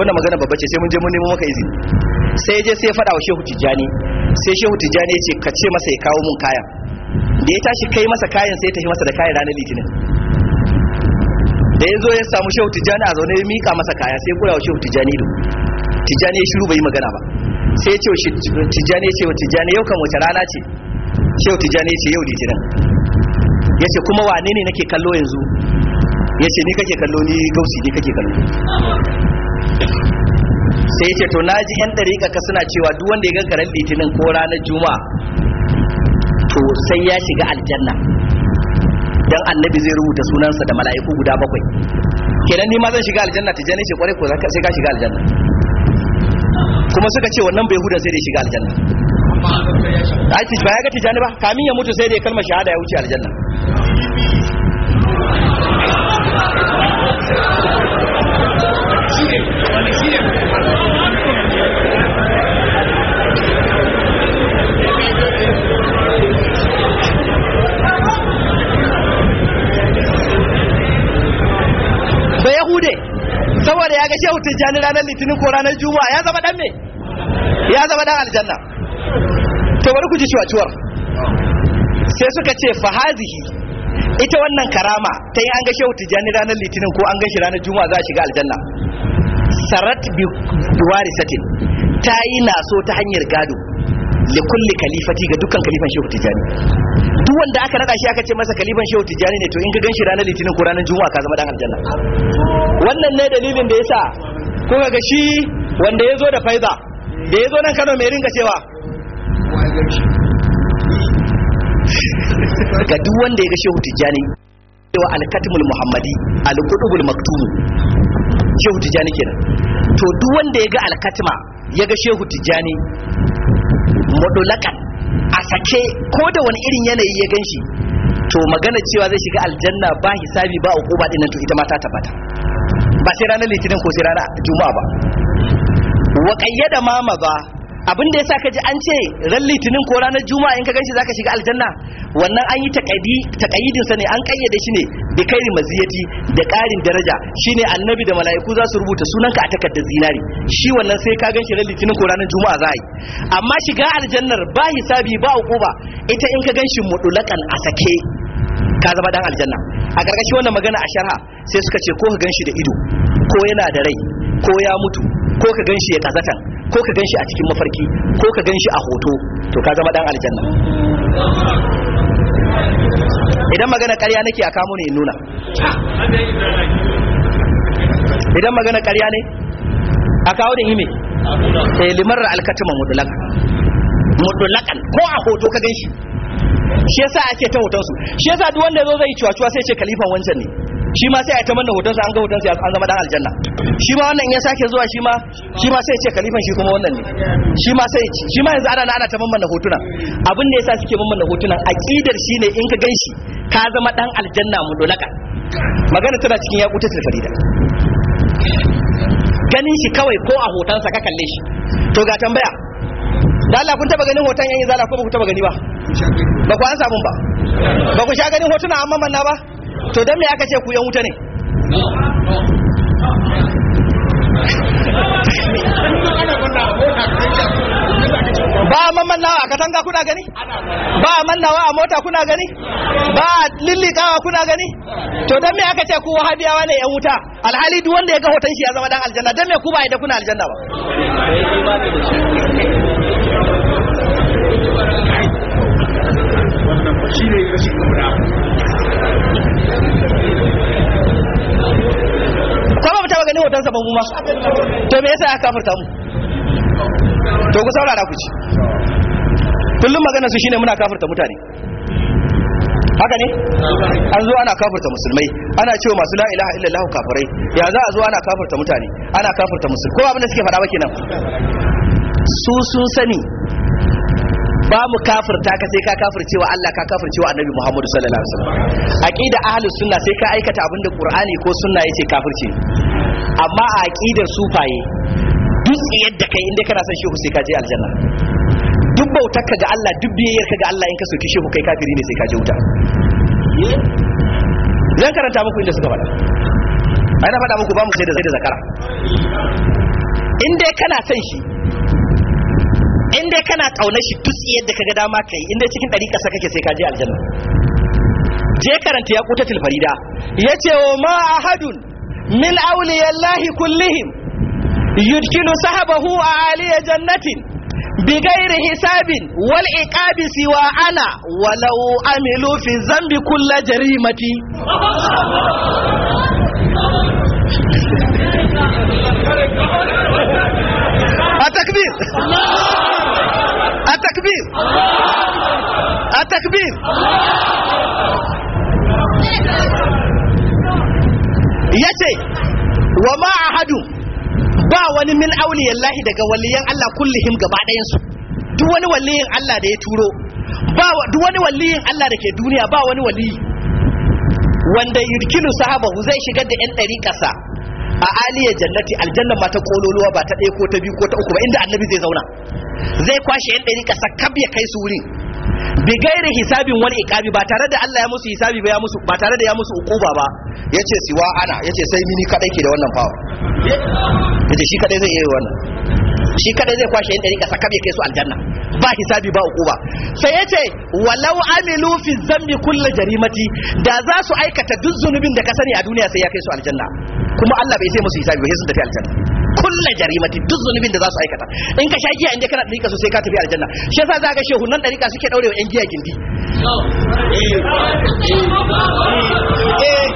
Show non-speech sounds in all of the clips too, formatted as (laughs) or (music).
wannan magana babba ce sai mun je mun nemo maka izini sai je sai faɗa wa shehu tijjani sai shehu tijjani ya ce ka ce masa ya kawo mun kayan da ya tashi kai masa kayan sai ya tafi masa da kayan ranar litinin da ya zo ya samu shehu tijjani a zaune ya mika masa kaya sai kura wa shehu tijjani do. tijjani ya shiru bai yi magana ba sai ya ce tijjani ya ce wa tijjani yau kan wace rana ce shehu tijjani ya ce yau litinin ya ce kuma wane ne nake kallo yanzu ya ce ni kake kallo ni gausi ni kake kallo sai ce to naji yan dariƙa ka suna cewa duk wanda ya ga ran litinin ko ranar juma'a to sai ya shiga aljanna dan annabi zai rubuta sunansa da mala'iku guda bakwai kenan ni ma zan shiga aljanna ta jani ce kwarai ko sai ka shiga aljanna kuma suka ce wannan bai hudan sai dai shiga aljanna aiki ba ya ga tijani ba kamin ya mutu sai dai kalmar shahada ya wuce aljanna Thank you. saboda ya ga shehu tijjani ranar litinin ko ranar juma'a ya zama dan me ya zama dan aljanna to bari ku ji shuwacuwar sai suka ce fahazihi ita wannan karama ta yi an ga shehu tijjani ranar litinin ko an ga shi ranar juma'a za a shiga aljanna sarat bi warisatin ta yi naso ta hanyar gado da kulli kalifati ga dukkan kalifan shehu tijani duk wanda aka nada shi aka ce masa kalifan shehu tijani ne to in ka ganshi ranar litinin ko ranar juma'a ka zama dan aljanna wannan ne dalilin da yasa ko ga shi wanda ya zo da faiza da ya zo nan Kano mai ringa cewa ga duk wanda ya ga shehu tijani cewa alkatimul muhammadi alkudubul maktumu shehu tijani kenan to duk wanda ya ga alkatima ya ga shehu tijjani mudulakan a sake ko da wani irin yanayi ya gan shi to magana cewa zai shiga aljanna ba hisabi ba a uquba din to ita ma ta tabbata ba sai ranar litinin ko sai ranar juma'a ba wa qayyada ma maza abin da yasa ka ji an ce ran litinin ko ranar juma'a in ka ganshi zaka shiga aljanna wannan an yi taqadi taqayidin sa ne an kayyade shi ne bi kairi maziyati da karin daraja shine annabi da mala'iku za su rubuta sunanka a takardar zinari shi wannan sai ka ganshi ran litinin ko ranar juma'a za a yi amma shiga aljannar ba hisabi ba ba. ita in ka ganshi mudulakan a sake ka zama dan aljanna a ƙarƙashin wannan magana a sharha sai suka ce ko ka ganshi da ido ko yana da rai ko ya mutu ko ka ganshi ya kazatan ko ka ganshi a cikin mafarki ko ka ganshi a hoto to ka zama dan aljanna idan magana ƙarya nake a kamo ne in nuna idan magana ƙarya ne a kawo da hime eh limar alkatuma mudulak mudulakan ko a hoto ka ganshi shi yasa ake ta hoton su shi yasa duk wanda zo zai ciwa ciwa sai ce kalifan wancan ne shi ma sai a ta manna hotonsa an ga hotonsa an zama dan aljanna shi ma wannan in ya sake zuwa shi ma shi ma sai ya ce kalifan shi kuma wannan ne shi ma sai shi ma yanzu ana ana ta manna hotuna abin da yasa suke manna hotuna aqidar ne in ka ganshi ka zama dan aljanna mu dolaka magana tana cikin yakuta farida ganin shi kawai ko a hotonsa ka kalle shi to ga tambaya da Allah kun taba ganin hoton yayin izala ko ba ku taba gani ba ba ku an samu ba ba ku sha ganin hotuna amma manna ba to don me aka ce ku yan wuta ne ba a mannawa a katanga kuna gani ba a mannawa a mota kuna gani ba a lillikawa kuna gani to don me aka ce ku wahabiyawa ne yan wuta alhali duk wanda ya ga hoton shi ya zama dan aljanna don me ku ba da kuna aljanna ba shi ne rashin taba ganin hotonsa ba mu ma to me yasa aka kafirta mu to ku saurara ku ci kullum magana su shine muna kafirta mutane haka ne an zo ana kafirta musulmai ana cewa masu la ilaha illallah kafirai ya za a zo ana kafirta mutane ana kafirta musulmai ko abin da suke faɗa ba kenan su sun sani ba mu kafirta ka sai ka kafircewa Allah ka kafircewa Annabi Muhammad sallallahu alaihi wasallam aqida ahlus sunna sai ka aikata abin da Qur'ani ko sunna yace kafirce amma a aqidar sufaye duk yadda kai inda kana son shehu sai ka je aljanna duk bautar ka ga Allah duk biyayyar ka ga Allah in ka soki shehu kai kafiri ne sai ka je wuta eh? zan karanta muku inda suka faɗa ai na faɗa muku ba mu sai da sai da zakara inda kana son shi inda kana kauna shi duk yadda kaga dama kai inda cikin ɗariƙar sa kake sai ka je aljanna je karanta ya kuta tilfarida yace wa ma ahadun من أولياء الله كلهم يدخل صحبه أعالي جنة بغير حساب والعقاب سوى أنا ولو أملوا في الذنب كل جريمة التكبير التكبير التكبير ya ce wa hadu ba wani min auliyallahi daga waliyan Allah kullihim gaba ɗayansu duk wani waliyin Allah da ya turo ba duk wani waliyin Allah da ke duniya ba wani waliyi wanda sahaba hu zai shigar da yan kasa a aliyar jannati aljanna ba ta kololuwa ba ta ɗaya ko ta biyu ko ta uku ba inda annabi zai zauna zai kwashe yan kasa kab ya kai su wurin bi gairi hisabin wani iqabi ba tare da Allah ya musu hisabi ba ya musu ba tare da ya musu ukuba ba yace siwa ana yace sai mini kadai ke da wannan fawa yace shi kadai zai yi wannan shi kadai zai kwashe yin dariƙa sakabe kai su aljanna ba hisabi ba ukuba sai yace walau amilu fi zambi kullu jarimati da za su aikata duk zunubin da ka sani a duniya sai ya kai su aljanna kuma Allah bai sai musu hisabi ba sai sun tafi aljanna kulla jarimati duk zunubin da za su aikata in ka sha giya inda kana da so sai ka tafi aljanna shi yasa za ka shehu nan dariƙa suke daurewa yan giya gindi eh,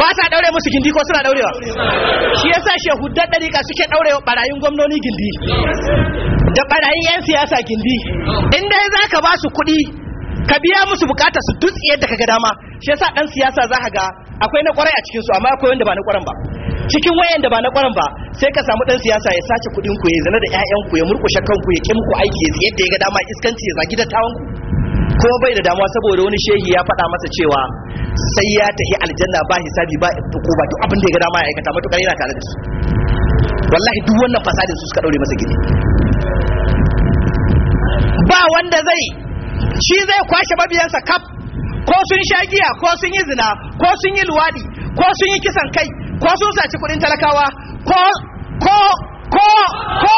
ba ta daure musu gindi ko suna daurewa shi yasa shehu da dariƙa suke daurewa barayin gwamnoni gindi da barayin yan siyasa gindi in dai za ka ba su kuɗi ka biya musu bukata su dutse yadda ga dama shi yasa dan siyasa za ka ga akwai na kwarai a cikin su amma akwai wanda ba na kwaran ba cikin wayan da ba na kwaran ba sai ka samu ɗan siyasa ya sace kudin ku ya zana da ƴaƴan ku ya murkushe ku ya kim ku aiki ya yadda ya ga dama iskanci ya zagi dattawan ku kuma bai da damuwa saboda wani shehi ya faɗa masa cewa sai ya tafi aljanna ba hisabi ba ba duk abin da ya ga dama ya aikata matukar yana tare da su wallahi duk wannan fasadin su suka daure masa gidi ba wanda zai shi zai kwashe mabiyansa kaf ko sun sha giya ko sun yi zina ko sun yi luwadi ko sun yi kisan kai ko sun saci kudin talakawa ko ko ko ko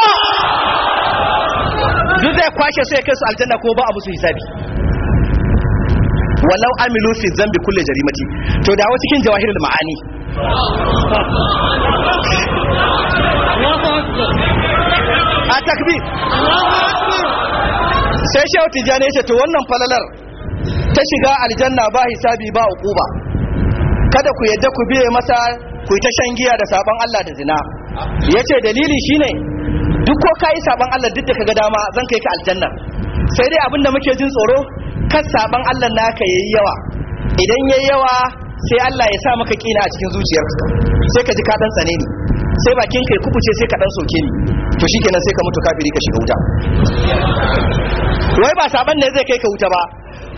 duk zai kwashe su ya kai su aljanna ko ba abu su hisabi walau amilu fi zambi kulle jarimati to dawo cikin jawahirul ma'ani a takbir sai shehu tijjani ya ce to wannan falalar ta shiga aljanna ba hisabi ba uku ba. kada ku yadda ku biye masa ku ta shan giya da sabon Allah da zina Ya yace dalili shine duk ko ka yi sabon Allah duk da kaga dama zan kai ka aljanna sai dai abinda muke jin tsoro kan sabon Allah naka yayi yawa idan yayi yawa sai Allah ya sa maka kina a cikin zuciyarka sai ka ji ka tsane ni sai bakin kai kubuce sai ka dan soke ni to shikenan sai ka mutu kafiri ka shiga wuta wai ba saban ne zai kai ka wuta ba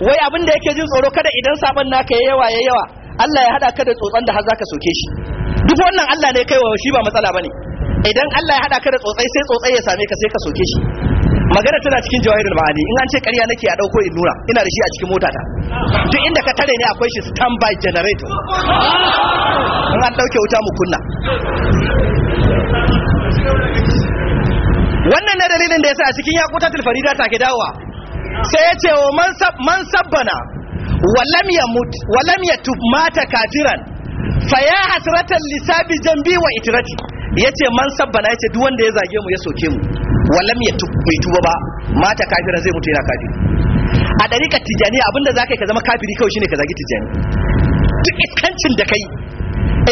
wai abinda da yake jin tsoro kada idan saban naka yayi yawa yayi yawa Allah ya hada ka da tsotsan da har zaka soke shi duk wannan Allah ne kai wa shi ba matsala bane idan Allah ya hada ka da tsotsai sai tsotsai ya same ka sai ka soke shi magana tana cikin jawahirul ma'ani in an ce ƙarya nake a dauko in nuna ina da shi a cikin motata duk inda ka tare ne akwai shi standby generator in an dauke wuta mu kunna wannan ne dalilin da yasa a cikin yakutatul farida take dawowa sai ya ce wa man sabbana walam yamut walam yatub mata kafiran fa ya hasratan lisabi jambi wa itrati yace man sabbana yace duk wanda ya zage mu ya soke mu walam yatub bai tuba ba mata kafiran zai mutu yana kafiri a dariƙar tijani abinda zaka yi ka zama kafiri kawai shine ka zagi tijani duk iskancin da kai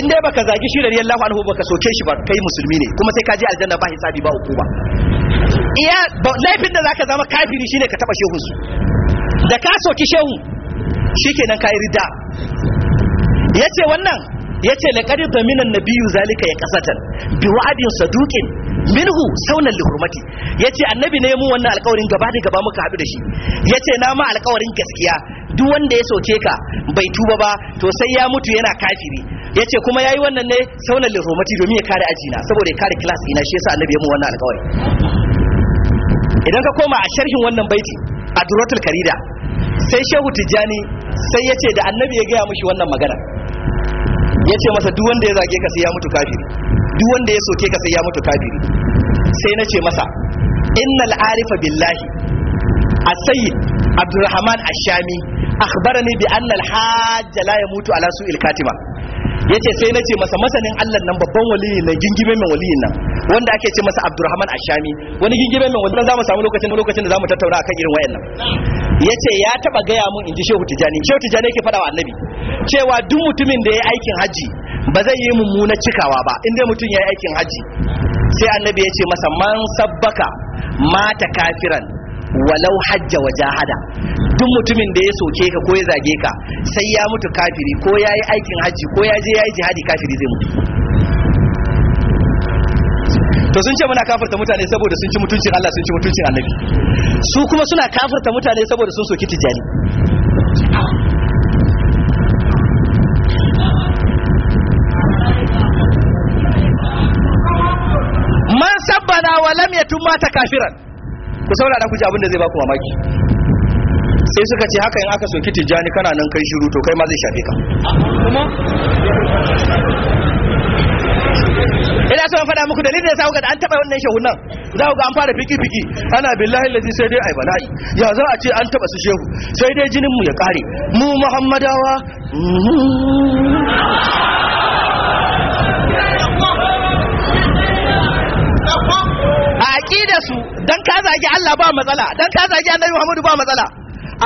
in dai baka zagi shi da radiyallahu anhu baka soke shi ba kai musulmi ne kuma sai ka je aljanna ba hisabi ba hukuma iya laifin da zaka zama kafiri shine ka taba shehu su da ka soki shehu shikenan kai rida yace wannan yace laqad minan nabiyyu zalika ya kasatan bi wa'adin saduqin minhu saunan li hurmati yace annabi ne mu wannan alƙawarin gaba da gaba muka haɗu da shi yace na ma alƙawarin gaskiya duk wanda ya soke ka bai tuba ba to sai ya mutu yana kafiri yace kuma yayi wannan ne saunan li hurmati domin ya kare ajina saboda ya kare class ina shi yasa annabi ya mu wannan alƙawari idan ka koma a sharhin wannan baiti a karida sai shehu tijjani sai ya ce da annabi ya gaya mushi wannan magana ya ce masa duk wanda ya zage ka sai ya mutu kafiri duk wanda ya soke ka sai ya mutu kafiri sai na ce masa innal arifa billahi السيد عبد ashami الشامي bi بأن الحاج la yamutu ala su'il الكاتمة yace sai na ce masa masanin Allah nan babban waliyi na gingibe mai waliyin nan wanda ake ce masa Abdurrahman Ashami wani gingibe mai wanda za mu samu lokacin lokacin da za mu tattauna akan irin wayannan ya ce ya taba gaya mun inji shehu tijani shehu tijani yake fada wa annabi cewa duk mutumin da ya yi aikin hajji ba zai yi mummuna cikawa ba inda mutum ya yi aikin hajji. sai annabi ya ce masa man sabbaka mata kafiran walau hajja wa jahada duk mutumin da ya soke ka ko ya zage ka sai ya mutu kafiri ko ya yi aikin hajji ko ya je ya yi jihadi kafiri zai mutu to sun ce muna kafirta mutane saboda sun ci mutuncin Allah sun ci mutuncin annabi su kuma suna kafirta mutane saboda sun soki tijani man sabbana wa lam yatum mata kafiran ku saurara ku ji abin da zai baku mamaki sai suka ce haka in aka soki tijani kana nan kai shiru to kai ma zai shafe ka ina so an faɗa muku dalilin da sa da an taɓa wannan shehu nan za ku ga an fara fiki fiki ana billahi lazi sai dai ai bala'i ya za a ce an taɓa su shehu sai dai jinin mu ya kare mu muhammadawa mhm. a aƙida su dan ka zagi Allah ba matsala dan ka zagi Annabi Muhammadu ba matsala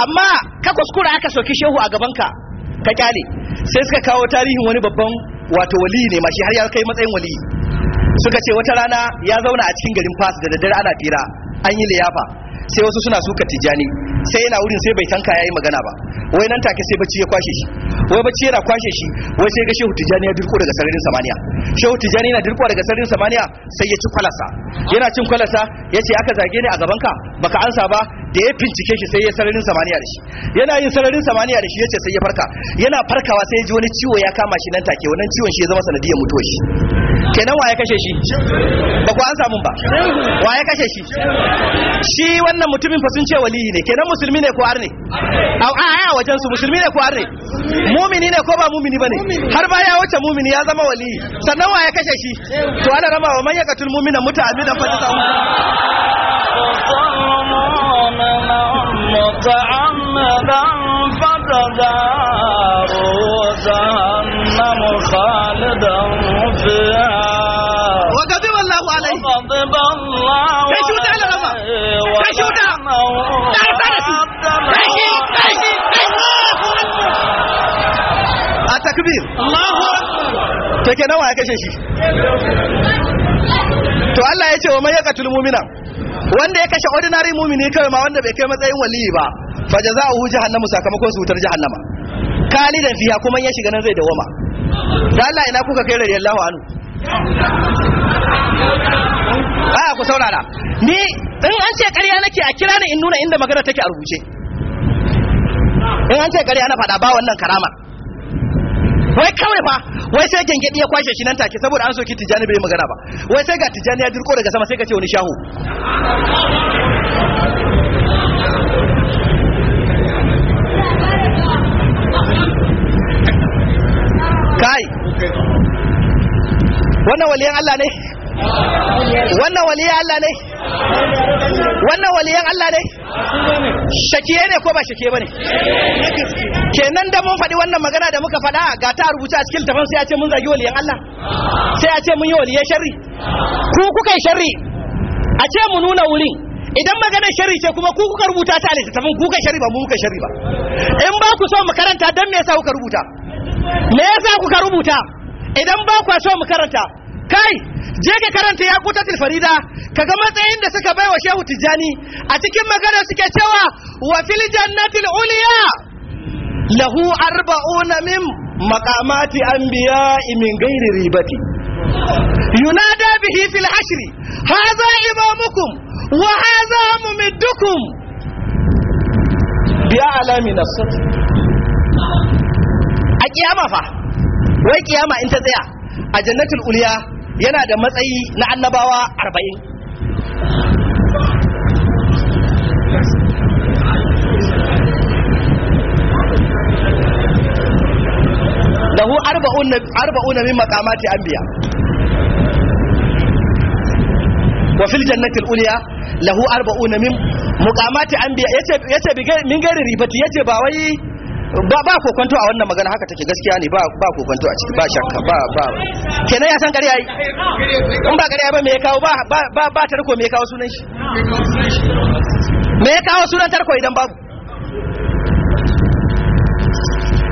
amma ka kuskura aka soki shehu a gaban ka ka kyale sai suka kawo tarihin wani babban wato wali ne ma shi har ya kai matsayin wali suka ce wata rana ya zauna a cikin garin fas da daddare ana fira an yi liyafa sai wasu suna suka tijjani sai yana wurin sai bai tanka yayi magana ba wai nan take sai bacci ya kwashe shi wai bacci yana kwashe shi wai sai ga shehu tijjani ya dirko daga sararin samaniya shehu tijjani yana dirko daga sararin samaniya sai ya ci kwalasa yana cin kwalasa ya ce aka zage ni a gaban ka baka ansa ba da ya bincike shi sai ya sararin samaniya da shi yana yin sararin samaniya da shi ya ce sai ya farka yana farkawa sai ya ji wani ciwo ya kama shi nan take wannan ciwon shi ya zama sanadiyar mutuwar shi kenan waye kashe shi ba ku an samu ba waye kashe shi shi wannan mutumin fa sun ce waliyi ne kenan musulmi ne ko arne a a wajen su musulmi ne ko arne mumini ne ko ba mumini bane har baya wace mumini ya zama waliyi sannan waye kashe shi to ana rama wa man katul mu'mina muta'ammidan fa جزاؤه جهنم خالدا فيها حسب الله كشوت على رما كشوت تعرف انا كشي كشي الله اكبر التكبير الله اكبر to kenan wa ya kashe shi to Allah ya ce wa man yaqtul mu'mina wanda ya kashe ordinary mumini kai ma wanda bai kai matsayin waliyi ba fa jazaohu jahannamu sakamakon su wutar jahannama kalidan fiha kuma ya shiga nan zai dawama da Allah ina kuka kai radiyallahu anhu a ku saurara ni in an ce ƙarya nake a kira ni in nuna inda magana take a rubuce in an ce ƙarya na faɗa ba wannan karamar wai kawai fa wai sai gengedi ya kwashe shi nan take saboda an soki tijani bai magana ba wai sai ga tijani ya dirko daga sama sai ka ce wani shahu kai wannan waliyan Allah ne wannan waliyan Allah ne wannan waliyan Allah ne shakiye ne ko ba shakiye bane kenan da mun faɗi wannan magana da muka faɗa ga ta rubuta a cikin tafan sai ya ce mun zagi waliyan Allah sai a ce mun yi waliyan sharri ku kuka yi sharri a ce mu nuna wurin idan magana sharri ce kuma ku kuka rubuta ta a littattafan ku kuka sharri ba mu kuka sharri ba in ba ku so mu karanta dan me yasa kuka rubuta me yasa kuka rubuta idan ba ku so mu karanta kai je ka karanta ya kutatul farida kaga matsayin da suka bai wa shehu tijani a cikin magana suke cewa wa fil jannatil uliya lahu arba'una min maqamati anbiya'i min ghairi ribati yunada bihi fil hashri hadha imamukum wa hadha mumiddukum bi alami nafsat a kiyama fa wai kiyama in ta tsaya a jannatul uliya yana da matsayi na annabawa arba'in lahu arba'una min makamati anbiya wa fil jannati al-ulya lahu arba'una min muqamati anbiya yace yace min gairi ribati yace ba wai ba ba kokonto a wannan magana haka take gaskiya ne ba ba kokonto a ciki ba shakka ba ba kenan ya san gari yi in ba ƙarya ba me ya kawo ba ba ba tarko me ya kawo sunan shi me ya kawo sunan tarko idan babu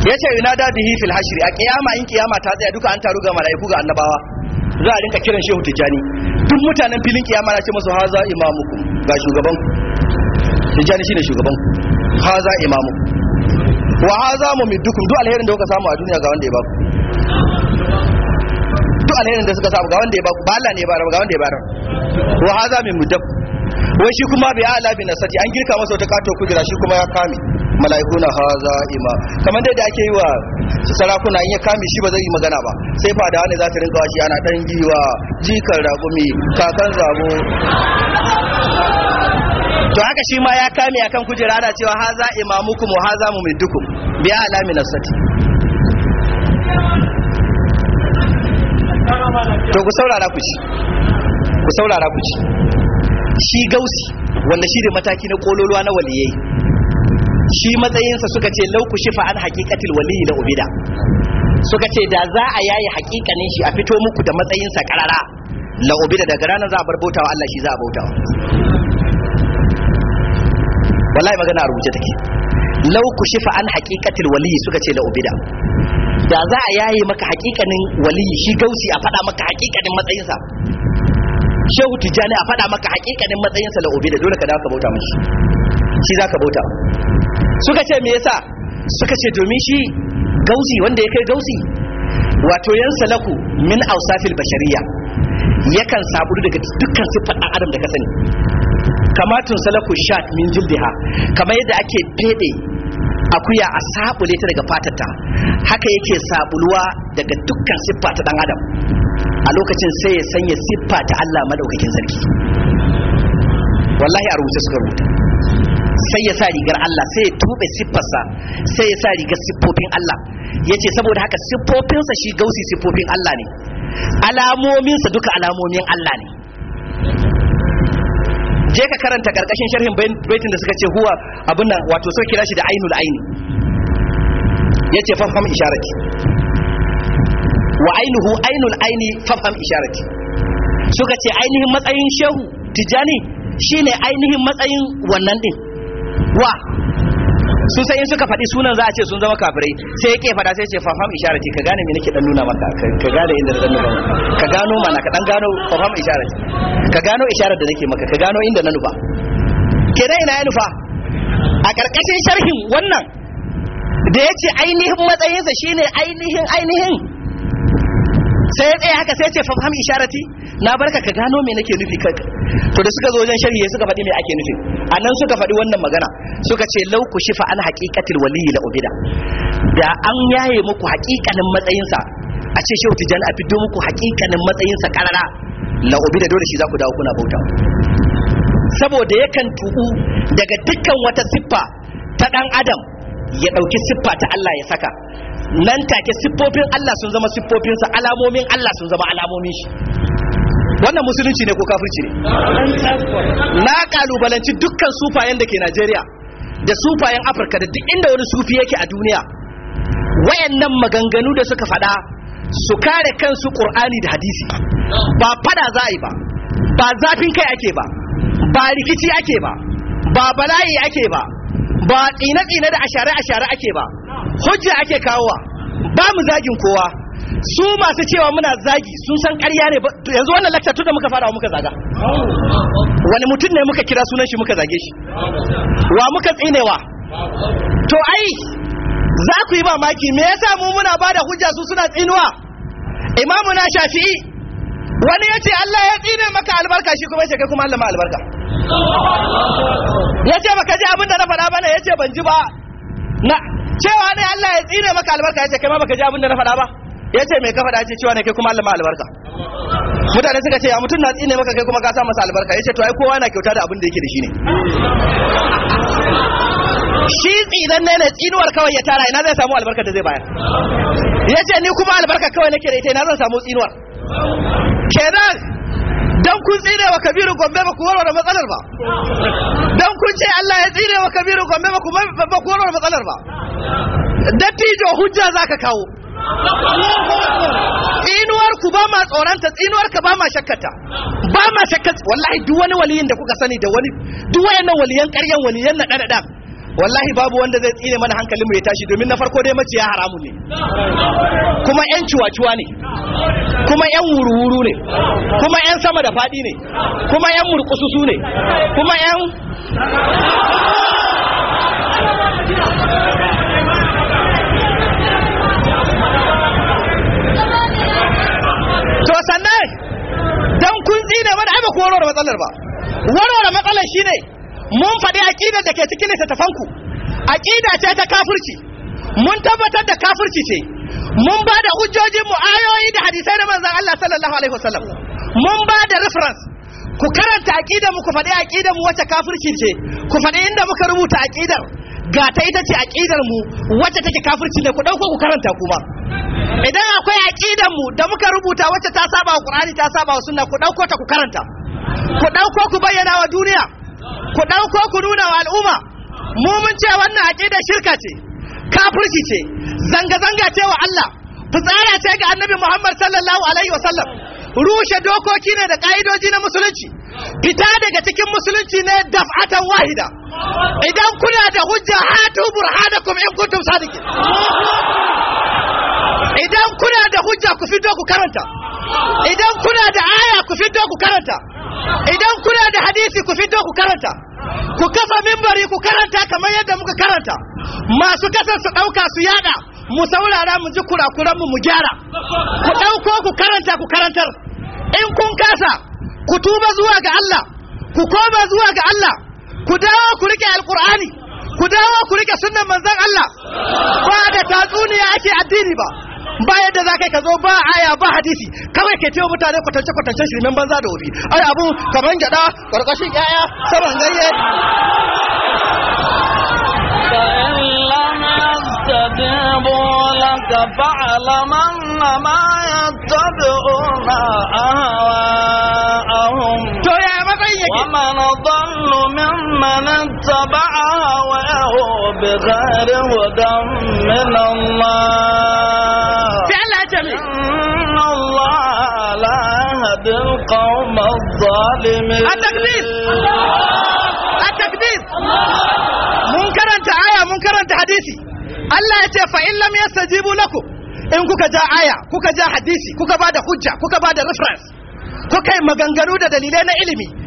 yace yunada bihi fil hashri a kiyama in kiyama ta tsaya duka an taru ga malaiku ga annabawa za a rinka kiran shehu tijani duk mutanen filin kiyama na ce musu haza imamukum ga shugaban tijani shine shugaban haza imamukum wa haza mu middukum duk alherin da kuka samu a duniya ga wanda ya baku duk alherin da suka samu ga wanda ya baku ba Allah ne ya ga wanda ya bayar wa haza min muddab wai shi kuma bi ala bi nasati an girka masa wata kato kujira shi kuma ya kame malaikuna haza ima kamar dai da ake yi wa sarakuna in ya kame shi ba zai yi magana ba sai fada wani za ta rinka washi ana dan giwa jikan ragumi kakan zabo to haka shi ma ya kame akan kujira ana cewa haza imamukum wa haza mumiddukum biya alami nafsati to ku saurara ku ci ku saurara ku ci shi gausi wanda shi ne mataki na kololuwa na waliyai shi matsayinsa suka ce lauku shifa an haƙiƙatil waliyi da ubida suka ce da za a yayi haƙiƙanin shi a fito muku da matsayinsa ƙarara la ubida daga ranar za a bar bautawa Allah shi za a bautawa wallahi magana a rubuce take lau ku shifa an haƙiƙatil waliyi suka ce ubida da za a yaye maka haƙiƙanin waliyi shi gausi a faɗa maka haƙiƙanin matsayinsa shehu tijjani a faɗa maka haƙiƙanin matsayinsa ubida dole ka dawo ka bauta mashi shi za ka bauta suka ce me yasa suka ce domin shi gausi wanda ya kai gausi wato yan salaku min ausafil bashariya yakan saburu daga dukkan siffar dan adam da ka sani kamatun salaku shat min jildiha kamar yadda ake fede akuya a sabule ta daga fatarta haka yake sabuluwa daga dukkan siffa ta dan adam a lokacin sai ya sanya siffa ta Allah madaukakin sarki wallahi a rubuce suka rubuta sai ya sa rigar Allah sai ya tube siffarsa sai ya sa rigar siffofin Allah yace saboda haka siffofinsa shi gausi siffofin Allah ne alamominsa duka alamomin Allah ne je ka karanta karkashin sharhin baitin da suka ce huwa abin nan wato suka kira shi da ainul aini yace fafham isharati wa ainuhu ainul aini fafham isharati suka ce ainihin matsayin shehu tijani shine ainihin matsayin wannan din wa su sai in suka faɗi sunan za a ce sun zama kafirai sai yake faɗa sai ce fafam isharati ka gane me nake dan nuna maka ka gane inda zan nuna ka gano mana ka dan gano fafam isharati ka gano isharar da nake maka ka gano inda na nufa kenan ina ya nufa a karkashin sharhin wannan da ya ce ainihin matsayinsa shine ainihin ainihin sai ya haka sai ya ce fafam isharati na barka ka gano me nake nufi kai to da suka zo wajen sharhi suka faɗi me ake nufi a suka faɗi wannan magana suka ce lau ku shifa an haqiqatil waliyyi la ubida da an yaye muku matsayin matsayinsa a ce shehu tijjani a fiddo muku matsayin matsayinsa karara la ubida dole shi za ku dawo kuna bauta saboda yakan tubu daga dukkan wata siffa ta ɗan adam ya ɗauki siffa ta Allah ya saka nan take siffofin Allah sun zama siffofinsa alamomin Allah sun zama alamomin shi wannan musulunci ne ko kafirci ne na kalubalanci dukkan sufayen da ke Najeriya da sufayen Afirka da duk inda wani sufi yake a duniya wayannan maganganu da suka faɗa su kare kansu Qur'ani da hadisi ba fada za yi ba ba zafin kai ake ba ba rikici ake ba ba bala'i ake ba ba tsine-tsine da ashare-ashare ake ba hujja ake kawowa ba mu zagin kowa su masu cewa muna zagi sun san ƙarya ne yanzu wannan lakta tun da muka fara muka zaga wani mutum ne muka kira sunan shi muka zage shi wa muka tsinewa to ai za ku yi ba maki me yasa mu muna ba da hujja su suna tsinuwa imamu na shafi'i wani ya ce Allah ya tsine maka albarka shi kuma ya kai kuma Allah ma albarka ya ce baka ji abin da na faɗa bane ya ce ban ji ba na cewa ne Allah ya tsine maka albarka ya ce kai ma baka ji abin da na faɗa ba ya ce mai kafa da ake cewa ne kai kuma Allah ma albarka mutane suka ce ya mutum na tsine maka kai kuma ka sa masa albarka ya ce to ai kowa yana kyauta da abin da yake da shi ne shi tsinan ne ne tsinuwar kawai ya tara ina zai samu albarka da zai bayar ya ce ni kuma albarka kawai nake da ita ina zan samu tsinuwar kenan dan kun tsine wa kabiru gombe ba ku warware matsalar ba dan kun ce Allah ya tsine wa kabiru gombe ba ku warware matsalar ba dattijo hujja zaka kawo inuwar ku ba ma tsoranta inuwar ka ba ma shakkata ba ma shakkata. wallahi duk wani waliyin da kuka sani da wani duk wayannan waliyan ƙaryan waliyan na ɗaɗaɗa wallahi babu wanda zai tsine mana hankalin mu ya tashi domin na farko dai mace ya haramu ne kuma yan ciwaciwa ne kuma yan wuruwuru ne kuma yan sama da faɗi ne kuma yan murkususu ne kuma yan matsalar ba warware matsalar shine mun faɗi aƙidar da ke cikin littattafanku aƙida ce ta kafirci mun tabbatar da kafirci ce mun ba da hujjojin mu ayoyi da hadisai na manzon Allah sallallahu alaihi wasallam mun ba da reference ku karanta aƙidar mu ku faɗi aƙidar mu wacce kafirci ce ku faɗi inda muka rubuta aƙidar ga ta ita ce aƙidar mu wacce take kafirci ne ku ɗauko ku karanta kuma idan akwai aƙidar mu da muka rubuta wacce ta saba wa Qur'ani ta saba wa sunna ku ɗauko ta ku karanta ku ɗauko ku bayyana wa duniya ku ɗauko ku nuna wa al'umma mu mun ce wannan aƙidar shirka ce kafirci ce zanga-zanga ce wa Allah fitsara ce ga annabi Muhammad sallallahu alaihi wa sallam. rushe dokoki ne da ƙa'idoji na musulunci fita daga cikin musulunci ne daf'atan wahida idan kuna da hujja hatu burhanakum in kuntum sadiqin idan kuna da hujja ku fito ku karanta idan kuna da aya ku fito ku karanta idan kuna da hadisi ku fito ku karanta ku kafa mimbari ku karanta kamar yadda muka karanta masu kasar su ɗauka su yada mu saurara mu ji kurakuran mu mu gyara ku ɗauko ku karanta ku karantar in kun kasa ku tuba zuwa ga Allah ku koma zuwa ga Allah ku dawo ku rike alkur'ani ku dawo ku rike sunnan manzon Allah ba da tatsuniya ake addini ba ba yadda za ka zo ba aya ba hadisi kawai ke tewa mutane kwatance kwatance shirmen banza da wofi ai abu kamar gyada karkashin yaya saman ganye فاعلم ان ما يتبعون اهواءهم ومن ضل ممن اتبع هواه بغير هدى من الله sai Allah ya ce mai inna Allah la yahdil qawm adh-dhalimin at-takbir at-takbir mun karanta aya mun karanta hadisi Allah ya ce fa in lam yastajibu lakum in kuka ja aya kuka ja hadisi kuka bada hujja kuka bada reference kuka yi maganganu da dalilai na ilimi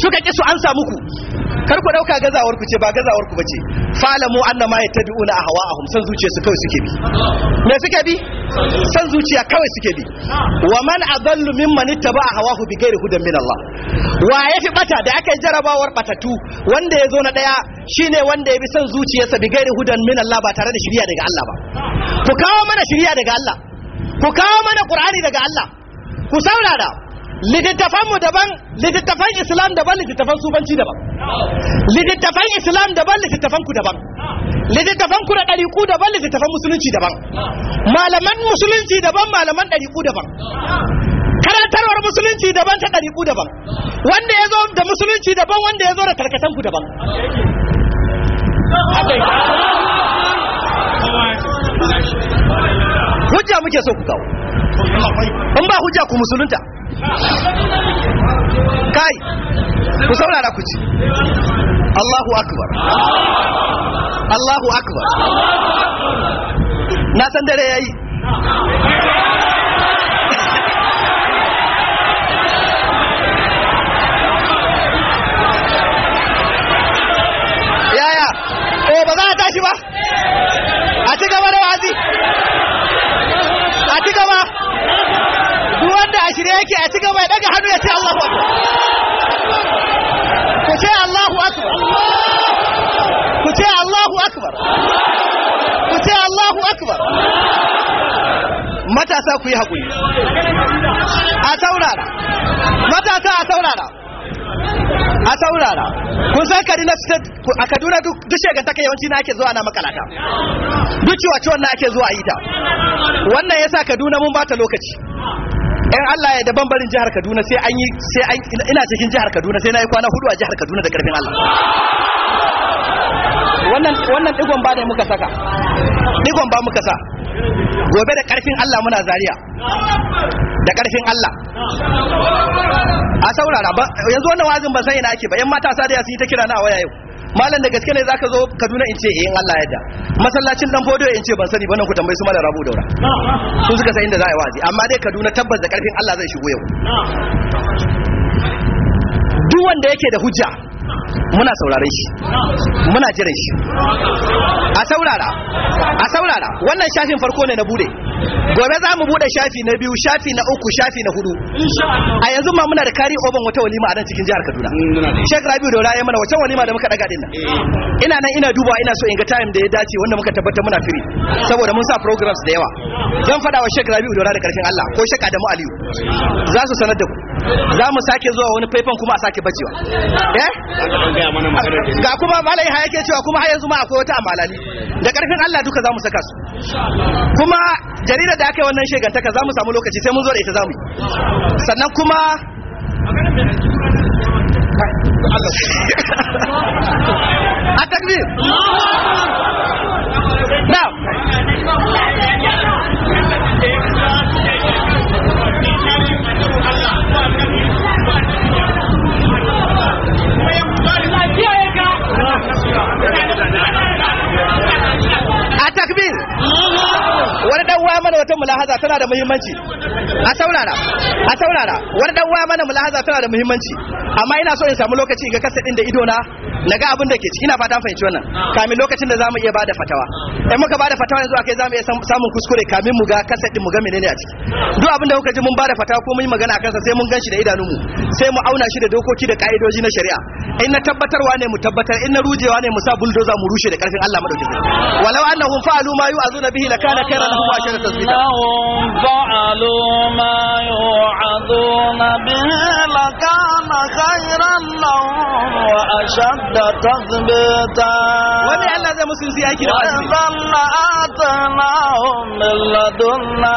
suka ki su ansa muku kar ku dauka gazawar ku ce ba gazawar ku bace falamu annama hawa ahwa'ahum san zuciya su kawai suke bi me suke bi san zuciya kawai suke bi wa man adallu mimman ittaba'a bi bighairi hudan min Allah wa yafi bata da aka yi jarabawar batatu wanda ya zo na daya shine wanda ya bi san zuciyarsa bighairi hudan min Allah ba tare da shiriya daga Allah ba ku kawo mana shiriya daga Allah ku kawo mana qur'ani daga Allah ku saurara littattafan mu daban littattafan islam daban littattafan sufanci daban littattafan islam daban littattafan ku daban littattafan ku da ɗariƙu daban littattafan musulunci daban malaman musulunci daban malaman ɗariƙu daban karantarwar musulunci daban ta ɗariƙu daban wanda ya zo da musulunci daban wanda ya zo da karkatan ku daban hujja muke so ku kawo in ba hujja ku musulunta kai ku saurara ku ci Allahu akbar Allahu akbar na san dare ya yi. (laughs) yaya o eh, ba za a tashi ba a ci gaba da wazi a ci gaba wanda a shirye yake a cigaba ya daga hannu ya ce Allah akbar ku ce Allahu akbar ku ce Allahu akbar ku ce Allahu akbar matasa ku yi haƙuri a saurara matasa a saurara a saurara kun san kaduna state a kaduna duk shekar ta yawanci na ake zuwa na makalata duk ciwaciwon na ake zuwa yi ta wannan yasa kaduna mun ba ta lokaci in Allah ya daban barin jihar Kaduna sai an yi sai an ina cikin jihar Kaduna sai nayi kwana hudu a jihar Kaduna da karfin Allah wannan wannan digon ba da muka saka digon ba muka sa gobe da karfin Allah muna zariya da karfin Allah a saurara yanzu wannan wazin ba sai ina ake ba yan mata sa da su yi ta kira na waya yau malam da gaske ne zaka zo Kaduna in ce eh in Allah ya yarda masallacin dan fodo in ce ban sani ba nan ku tambayi su malam Rabu Daura sun suka san inda za a yi wazi amma dai Kaduna tabbas da karfin Allah zai shigo yau duk wanda yake da hujja muna sauraron shi muna jiran shi a saurara a saurara wannan shafin farko ne na bude gobe za mu bude shafi na biyu shafi na uku shafi na hudu a yanzu ma muna da kari oban wata walima a nan cikin jihar Kaduna mm, Sheikh Rabiu da ya mana wacce walima da muka daga din nan eh. ina nan ina duba ina so in ga time da ya dace wanda muka tabbatar muna firi saboda mun sa programs da yawa zan fada wa Sheikh Rabiu Daura da karshen Allah ko Sheikh Adamu Aliyu za su sanar da ku za mu sake zuwa wani faifan kuma a sake bacewa eh ga kuma malai ha yake cewa kuma har yanzu ma akwai wata amalali da karfin Allah duka za mu saka su kuma jarida da aka yi wannan shegantaka za mu samu lokaci sai mun zo da ita za mu sannan kuma a takbir Na. mulahaza tana da muhimmanci a saurara a saurara wani dan waya mana mulahaza tana da muhimmanci amma ina so in samu lokaci ga kasadin da idona na ga abin da ke ciki ina fata fahimci wannan ah. kamin lokacin da zamu iya bada fatawa ah. in muka bada fatawa yanzu akai zamu iya samun kuskure kamin mu ga kasar mu ga menene a ciki duk abin da kuka ji mun bada fatawa ko mun yi magana akan sa sai mun ganshi da mu sai mu auna shi da dokoki da ka'idoji na shari'a in na tabbatarwa ne mu tabbatar in na rujewa ne mu sa bulldozer mu rushe da karfin Allah madaukakin walau annahum fa'alu ma yu'azuna bihi lakana khayran lahum wa ashara tasbita fa'alu ma yu'azuna bihi lakana khayran lahum wa ashara da tasbita wani Allah zai musu zai aiki da wajibi wa'izanna atanahum min ladunna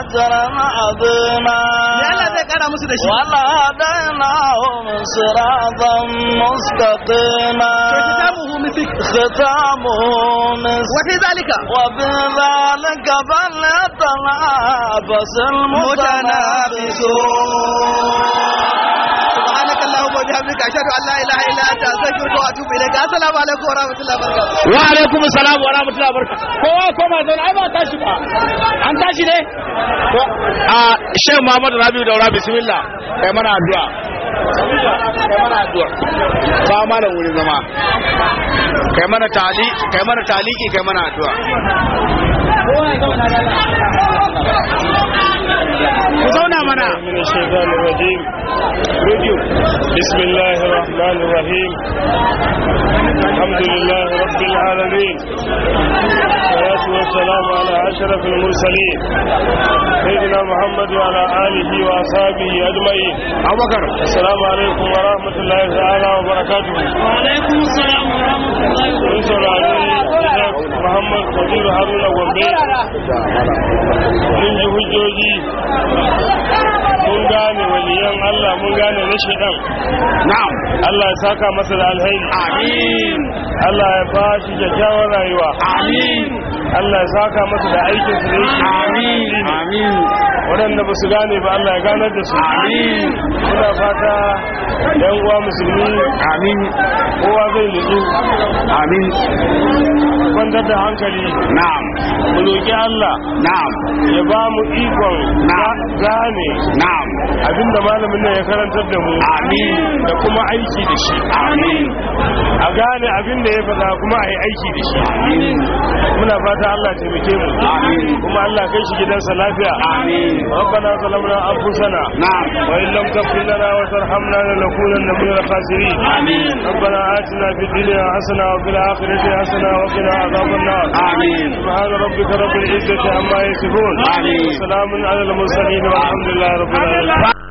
ajran azima ya Allah zai kara musu da shi wala hadainahum siratan mustaqima kitabuhu mithik khitamuhu mithik wa fi zalika wa fi zalika falyatanafasul mutanafisun bihamdika ashhadu an la ilaha illa anta astaghfiruka wa atubu ilayk assalamu alaikum wa rahmatullahi wa barakatuh wa alaikum assalam wa rahmatullahi wa barakatuh kowa koma zan ai ba tashi ba an tashi ne a shehu muhammadu rabiu daura bismillah kai mana addu'a kai mana addu'a ba mana wurin zama kai mana tali kai mana taliki kai mana addu'a ku zauna mana بسم الله الرحمن الرحيم الحمد لله رب العالمين والسلام على أشرف المرسلين سيدنا محمد وعلى آله وأصحابه أجمعين أبو بكر السلام عليكم ورحمة الله تعالى وبركاته وعليكم السلام ورحمة الله وبركاته Muhammad Kabiru Haruna Gombe mun ji hujjoji mun gane waliyan Allah mun gane na shedan Allah ya saka masa da alheri amin Allah ya ba shi rayuwa amin Allah ya saka musu da aikin su da yake amin amin wadanda ba su gane ba Allah ya gane da su amin muna fata yan uwa musulmi amin kowa zai nutsu amin kwantar da hankali na'am mu roki Allah na'am ya ba mu ikon gane na'am abinda malamin nan ya karantar da mu amin da kuma aiki da shi amin a gane abinda ya faɗa kuma a yi aiki da shi amin muna fata Allah taimake mu kuma Allah kai shi gidansa lafiya amin rabbana zalamna anfusana wa in lam taghfir lana wa tarhamna lanakunanna min al-khasirin amin rabbana atina fid dunya hasana wa fil akhirati hasana wa qina adhaban nar amin subhana rabbika rabbil izzati amma yasifun amin salamun ala al-mursalin walhamdulillahi rabbil alamin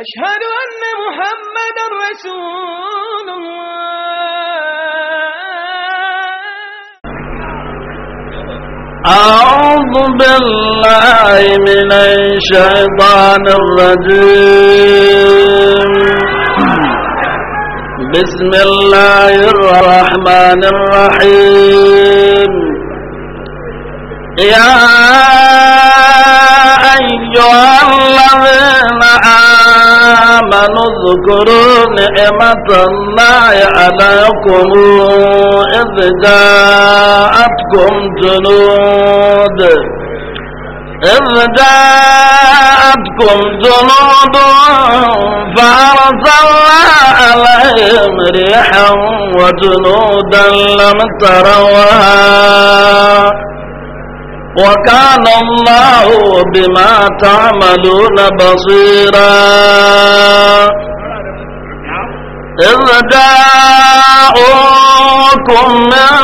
أشهد أن محمدا رسول الله أعوذ بالله من الشيطان الرجيم بسم الله الرحمن الرحيم يا أيها الذين آمنوا na-agba anzkorona-emataeziaakomdundarụzaha alahị rwadalataranwa ha وكان الله بما تعملون بصيرا إذ جاءوكم من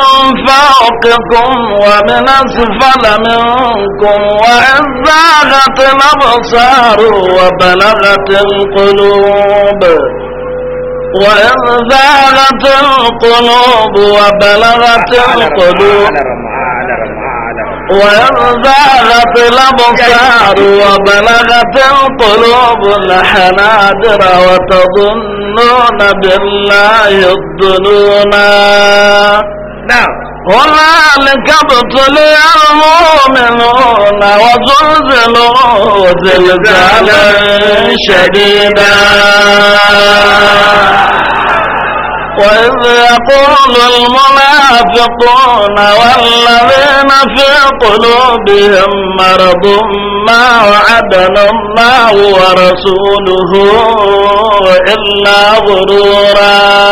فوقكم ومن أسفل منكم وإذ زاغت الأبصار وبلغت القلوب وإذ زاغت القلوب وبلغت القلوب وانزالت الابصار وبلغت القلوب الحناجر وتظنون بالله الظنونا نعم هنالك ابتلي المؤمنون وزلزلوا زلزالا شديدا وإذ يقول المنافقون والذين في قلوبهم مرض ما وعدنا الله ورسوله إلا غرورا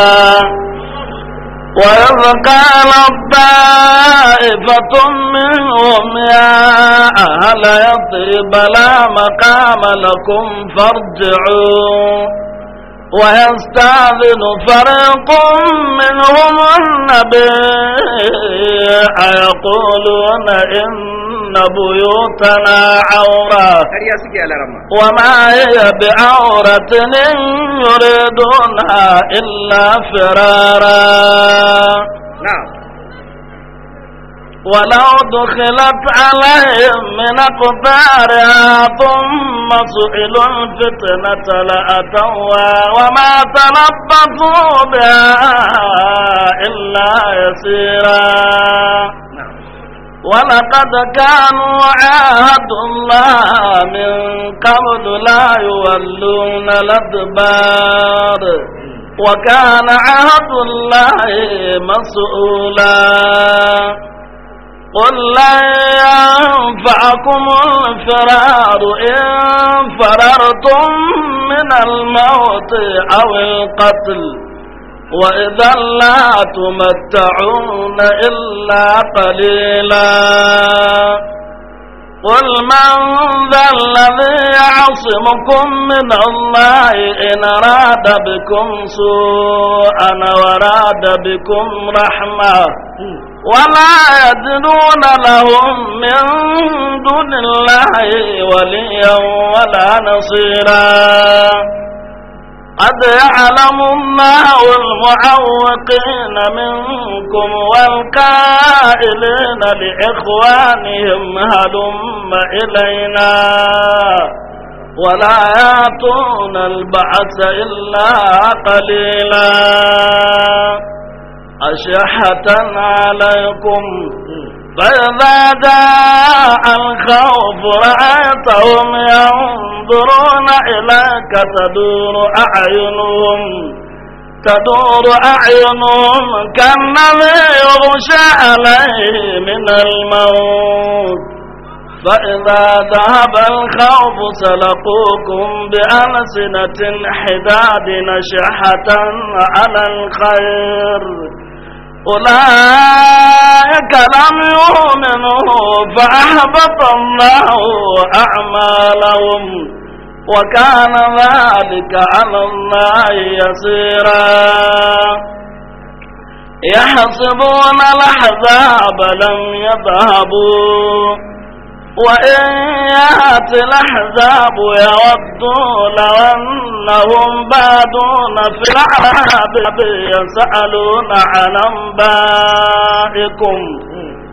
وإذ قالت طائفة منهم يا أهل يطيب لا مقام لكم فارجعوا ويستاذن فريق منهم النبي يقولون إن بيوتنا عورة وما هي بعورة إن إلا فرارا نعم ولو دخلت عليهم من أقدارها ثم سئلوا الفتنة لأتوها وما تلبثوا بها إلا يسيرا ولقد كانوا عهد الله من قبل لا يولون الأدبار وكان عهد الله مسؤولا قل لن ينفعكم الفرار إن فررتم من الموت أو القتل وإذا لا تمتعون إلا قليلا قل من ذا الذي يعصمكم من الله إن راد بكم سوءا وراد بكم رحمة ولا يجدون لهم من دون الله وليا ولا نصيرا قد يعلم الله المعوقين منكم والكائلين لإخوانهم هلم إلينا ولا يأتون البعث إلا قليلا أشحة عليكم فإذا جاء الخوف رأيتهم ينظرون إليك تدور أعينهم تدور أعينهم كالذي يغشى عليه من الموت فإذا ذهب الخوف سلقوكم بألسنة حداد نشحة على الخير أولئك لم يؤمنوا فأحبط الله أعمالهم وكان ذلك على الله يسيرا يحسبون الأحزاب لم يذهبوا وإن يأت الأحزاب يودوا لو أنهم بادون في العذاب يسألون عن أنبائكم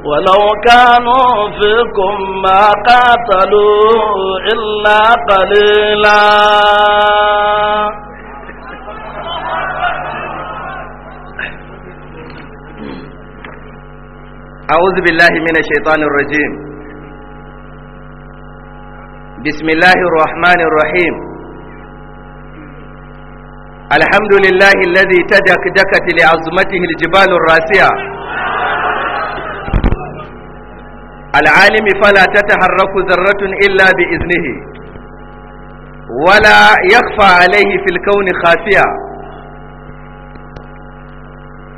ولو كانوا فيكم ما قاتلوا إلا قليلا أعوذ بالله من الشيطان الرجيم بسم الله الرحمن الرحيم الحمد لله الذي تدك دكت لعظمته الجبال الراسية العالم فلا تتحرك ذرة إلا بإذنه ولا يخفى عليه في الكون خافية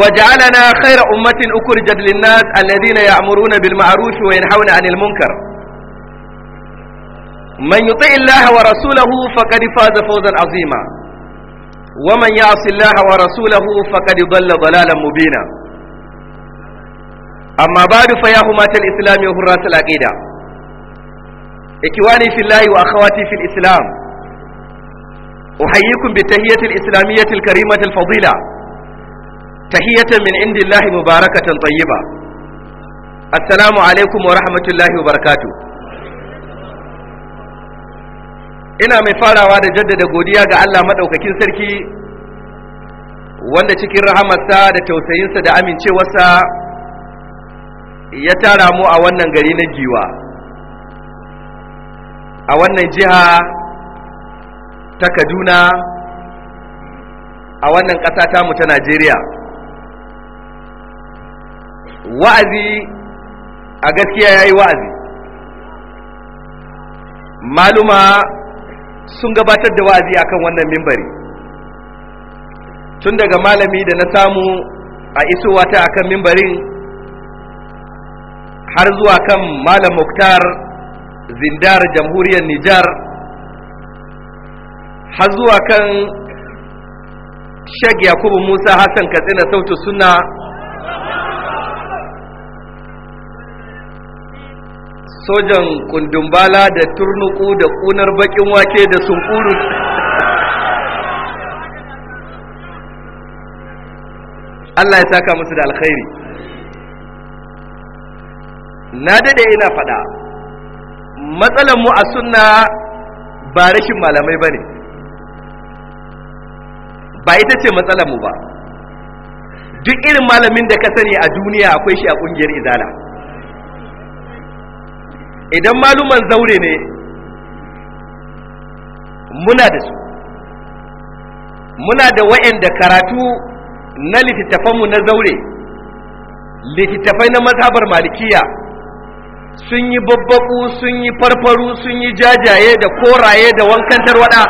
وجعلنا خير أمة أكرجت للناس الذين يأمرون بالمعروف وينهون عن المنكر من يطع الله ورسوله فقد فاز فوزا عظيما ومن يعص الله ورسوله فقد ضل ضلالا مبينا أما بعد فيا همة الإسلام وهرات العقيدة إخواني في الله وأخواتي في الإسلام أحييكم بالتهية الإسلامية الكريمة الفضيلة tahiyatan min indillahi mubarakatan tayyiba assalamu alaikum wa rahmatullahi wa barakatuh ina mai farawa da jaddada godiya ga Allah maɗaukakin sarki wanda cikin rahamarsa da tausayinsa da amincewarsa ya tara mu a wannan gari na giwa a wannan jiha ta kaduna a wannan ƙasa tamu ta najeriya wa'azi a gaskiya ya yi wa'azi maluma sun gabatar da wa'azi akan wannan mimbari tun daga malami da na samu a isowa ta akan mimbarin har zuwa kan malam muktar zindar jamhuriyar nijar har zuwa kan shag yakubu musa hassan katsina sautu suna sojan kundumbala da turnuku da kunar bakin wake da sunkuru Allah ya saka musu da alkhairi na dade ina fada matsalan mu a sunna ba rashin malamai bane ba ita ce matsalan mu ba duk irin malamin da ka sani a duniya akwai shi a kungiyar izala idan maluman zaure ne muna da su muna da wa'anda karatu na littattafanmu na zaure littattafai na mazhabar malikiya sun yi babbaku sun yi farfaru sun yi jajaye da koraye da wankan tarwada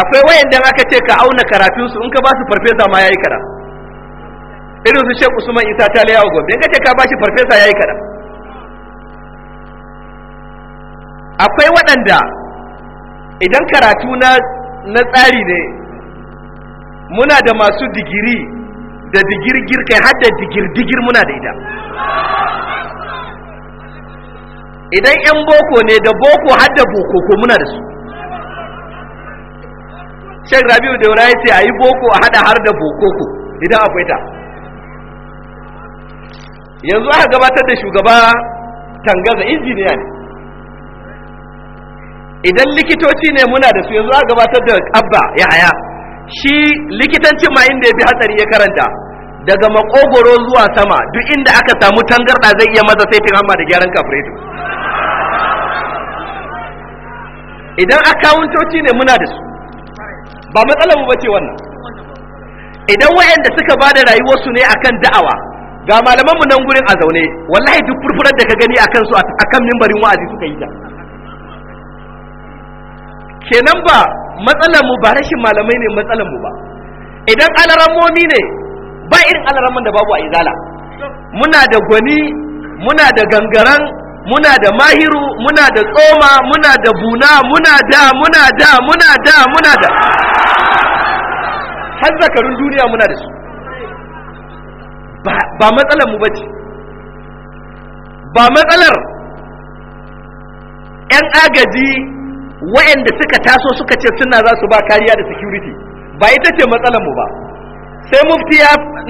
akwai wa'anda aka ce ka auna karatunsu in ka ba su farfesa ma ya yi karatu irin su shek usman isa ta layawa gombe in kace ka bashi farfesa yayi kada akwai waɗanda idan karatu na na tsari ne muna da masu digiri da digirgir kai har da digirdigir muna da ita idan 'yan boko ne da boko har da boko muna da su shek rabiu da ya ce a yi boko a hada har da boko idan akwai ta yanzu aka gabatar da shugaba tangaza injiniya ne idan likitoci ne muna da su yanzu aka gabatar da abba ya haya shi likitancin ma inda ya bi hatsari ya karanta daga makogoro zuwa sama duk inda aka samu tangarda zai iya maza saitin hamma da gyaran kafireto idan akawuntoci ne muna da su ba matsalar mu bace wannan idan wayanda suka bada rayuwarsu ne akan da'awa ga malaman mu nan gurin a zaune wallahi duk furfurar da ka gani akan su akan mimbarin wa'azi suka yi ta kenan ba matsalar mu ba rashin malamai ne matsalar mu ba idan alarammomi ne ba irin alaramon da babu a izala muna da gwani muna da gangaran muna da mahiru muna da tsoma muna da buna muna da muna da muna da muna da har zakarun duniya muna da su ba matsalar mu bace ba matsalar 'yan agaji waɗanda suka taso suka ce suna za su ba kariya da security ba ita ce matsalar mu ba sai mufti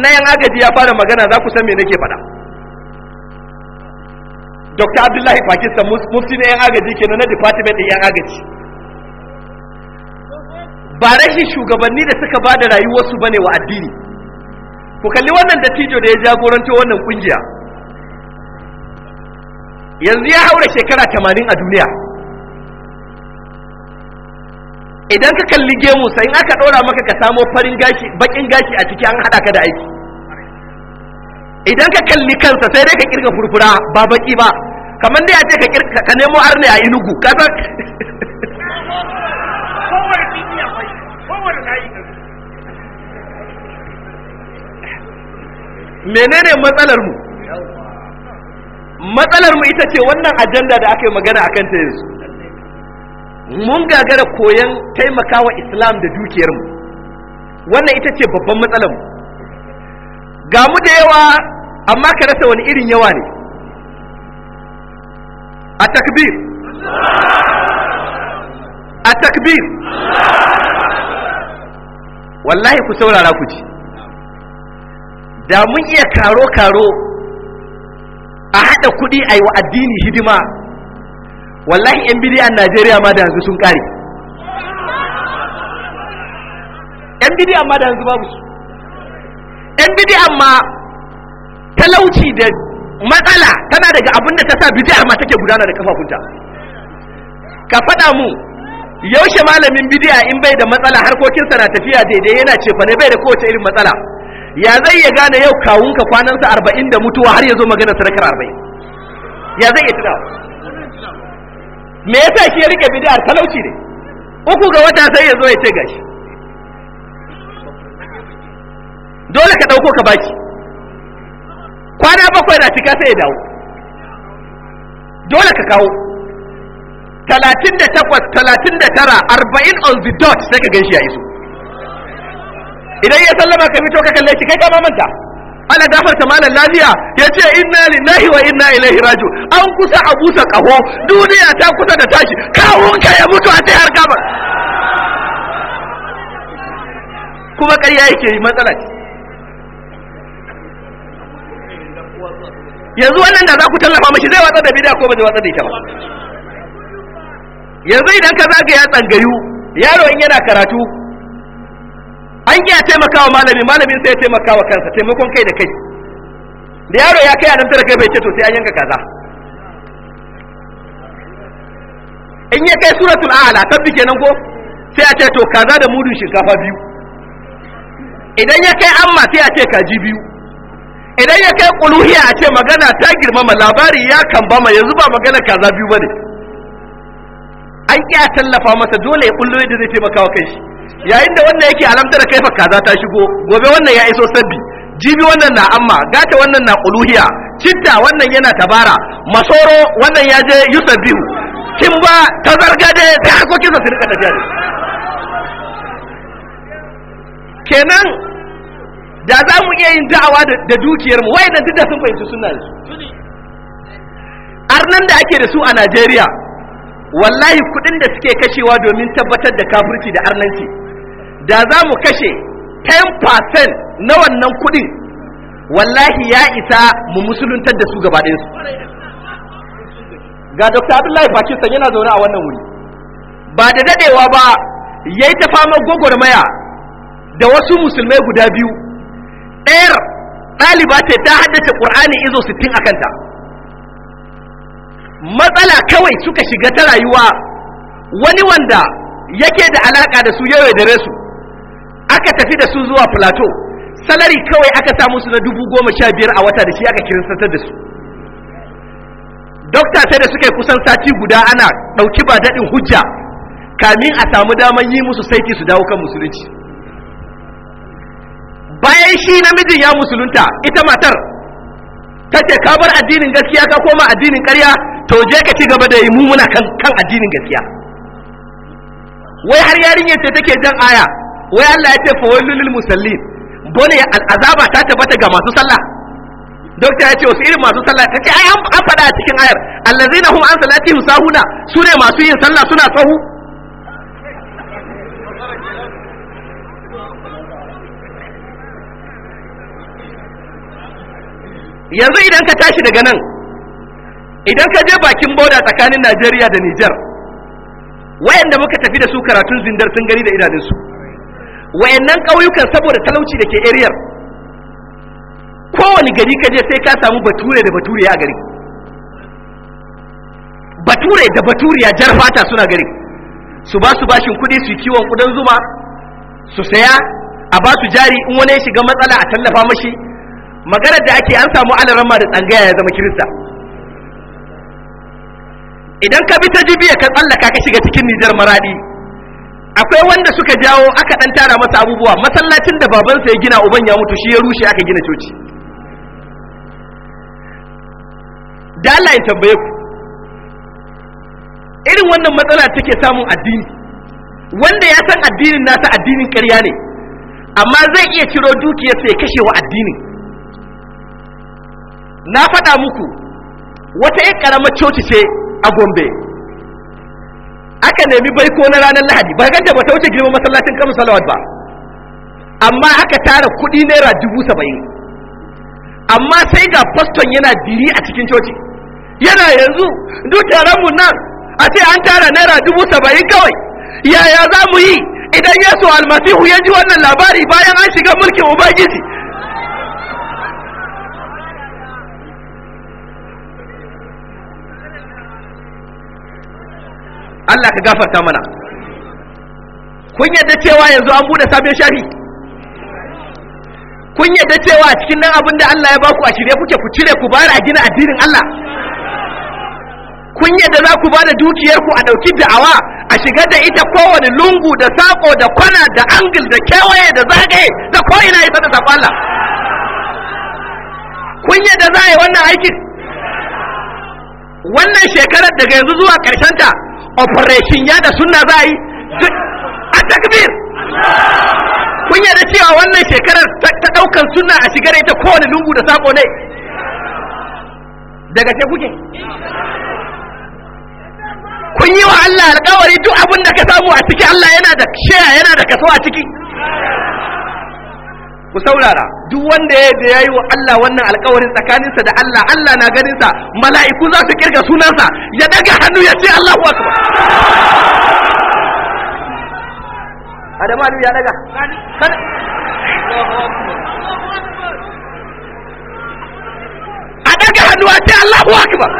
na 'yan agaji ya fara magana za ku san me nake faɗa dr abdullahi pakistan mufti na 'yan agaji ke na department ɗin 'yan agaji ba rashin shugabanni da suka ba da rayuwarsu ba ne wa addini ku kalli wannan dattijo da ya jagoranci wannan kungiya yanzu ya haura shekara tamanin a duniya idan ka kalli gemu sai in aka ɗora maka ka samo farin gashi bakin gashi a ciki an haɗa ka da aiki idan ka kalli kansa sai dai ka kirga furfura ba baki ba kamar dai a ce ka nemo arne a inugu ka san (laughs) menene matsalar mu matsalar mu ita ce wannan ajanda da aka yi magana a ta yanzu mun gagara koyan taimakawa islam da dukiyar mu wannan ita ce babban matsalar mu ga mu da yawa amma ka rasa wani irin yawa ne a takbir a takbir wallahi ku saurara ku ji da mun iya karo-karo a haɗa kuɗi a yi wa addini hidima wallahi 'yan bidiyan najeriya ma da yanzu sun ƙare 'yan bidiyan ma da yanzu babu su 'yan bidiyan ma talauci da matsala tana daga abinda ta sa bidiyar ma take gudana da kafafunta ka faɗa mu yaushe malamin bidia in bai da matsala harkokinsa na tafiya daidai yana cefane bai da kowace irin matsala ya zai ya gane yau kawunka kwanansa arba'in da mutuwa har ya zo magana sadakar arba'in ya zai ya tuna me yasa shi ya rike bid'ar talauci ne uku ga wata sai ya zo ya ce gashi dole ka dauko ka baki kwana bakwai na cika sai ya dawo dole ka kawo talatin da takwas talatin da tara arba'in on the dot sai ka gan shi ya iso idan ya sallama ka fito ka kalle shi kai ka mamanta ana ta malam lafiya ya ce inna lillahi wa inna ilaihi raju an kusa a busa kaho duniya ta kusa da tashi kawunka ya mutu a sai har gabar kuma ƙarya yake yi matsala yanzu wannan da za ku tallafa mashi zai watsa da bidiya ko ba zai watsa da ita ba yanzu idan ka ya tsangayu yaro in yana karatu an iya taimakawa malami malamin sai ya taimakawa kansa taimakon kai da kai da yaro ya kai alamtar kai bai ce to sai an yanka kaza in ya kai suratul a'la tabbi kenan ko sai a ce to kaza da mudun shinkafa biyu idan ya kai amma sai a ce kaji biyu idan ya kai kuluhiya a ce magana ta girmama labari ya kambama yanzu ba magana kaza biyu bane an iya tallafa masa dole ya kullo yadda zai taimaka wa kai shi yayin da wannan yake alamta da kaifa kaza ta shigo gobe wannan ya iso sabbi jibi wannan na amma gata wannan na uluhiya citta wannan yana tabara masoro wannan ya je kin ba ta zarga da ta so kisa su rika tafiya kenan da za mu iya yin da'awa da dukiyarmu, mu wayannan duk da sun fahimci sunna da su arnan da ake da su a Najeriya wallahi kudin da suke kashewa domin tabbatar da kafirci da arnanci da za mu kashe 10% na wannan kudin wallahi ya isa mu musuluntar da su su ga dr abdullahi pakistan yana zaune a wannan wuri ba da dadewa ba ya yi ta gwagwarmaya da wasu musulmai guda biyu ɗayar ɗaliba ce ta haddace ƙur'ani izo sittin a kanta matsala kawai suka shiga ta rayuwa wani wanda yake da alaka da su yau da su aka tafi da su zuwa plateau salari kawai aka samu su na dubu goma sha biyar a wata da shi aka kiristantar da su dokta sai da suka kusan sati guda ana ɗauki ba daɗin hujja kamin a samu damar yi musu saiti su dawo kan musulunci bayan shi namijin ya musulunta ita matar ta ce ka bar addinin gaskiya ka koma addinin ƙarya to je ka ci gaba da yi mumuna kan kan addinin gaskiya wai har yarinyar ce take jan aya wai Allah ya ce fa wailul musallin bone al'azaba ta tabbata ga masu sallah dokta ya ce wasu irin masu sallah ta ai an faɗa a cikin ayar allazina hum an salatihim sahuna su ne masu yin sallah suna tsahu yanzu idan ka tashi daga nan idan ka je bakin boda tsakanin Najeriya da Nijar wayanda muka tafi da su karatun zindar sun gani da su wayannan ƙauyukan saboda talauci da ke area kowane gari ka je sai ka samu bature da baturiya a gari bature da baturiya jar fata suna gari su ba su bashin kuɗi su kiwon kudan zuma su saya a ba su jari in wani ya shiga matsala a tallafa mashi maganar da ake an samu alarama da tsangaya ya zama kirista idan ka bi ta jibiya ka tsallaka ka shiga cikin nijar maradi akwai wanda suka jawo aka dan tara masa abubuwa masallacin da babansa ya gina uban ya mutu shi ya rushe aka gina coci da Allah ya tambaye ku irin wannan matsala take samun addini wanda ya san addinin nasa addinin ƙarya ne amma zai iya ciro dukiyar sai kashe wa addinin na faɗa muku wata ƴan ƙaramar coci ce a gombe aka nemi baiko na ranar lahadi ba ganta ba ta wuce girman masallacin kamun salawat ba amma aka tara kuɗi naira dubu saba'in amma sai ga faston yana diri a cikin coci yana yanzu duk mu nan a ce an tara naira dubu saba'in kawai yaya za mu yi idan yesu almasihu ya ji wannan labari bayan an shiga mulkin ubangiji Allah ka gafarta mana kun yadda cewa yanzu an bude sabon shafi kun yadda cewa cikin nan abin da Allah ya baku a shirye kuke ku cire ku bayar a gina addinin Allah kun yadda za ku bada dukiyar ku a dauki da'awa a shiga da ita kowane lungu da sako da kwana da angil da kewaye da zagaye da ko ina ita da sabon Allah kun yadda za a yi wannan aikin wannan shekarar daga yanzu zuwa karshen ta? operation da sunna za a yi a takbir kun yarda cewa wannan shekarar ta daukan sunna a shigar ita kowane lungu da sako ne daga ce kuke kun yi wa Allah alƙawari duk abin da ka samu a ciki Allah yana da shaya yana da kaso a ciki ku saurara duk wanda ya da yayi wa Allah wannan alƙawarin tsakaninsa da Allah Allah na ganin sa mala'iku za su kirga sunansa ya daga hannu ya ce Allahu akbar Adamu Aliyu ya daga a daga hannu a ce Allahu akbar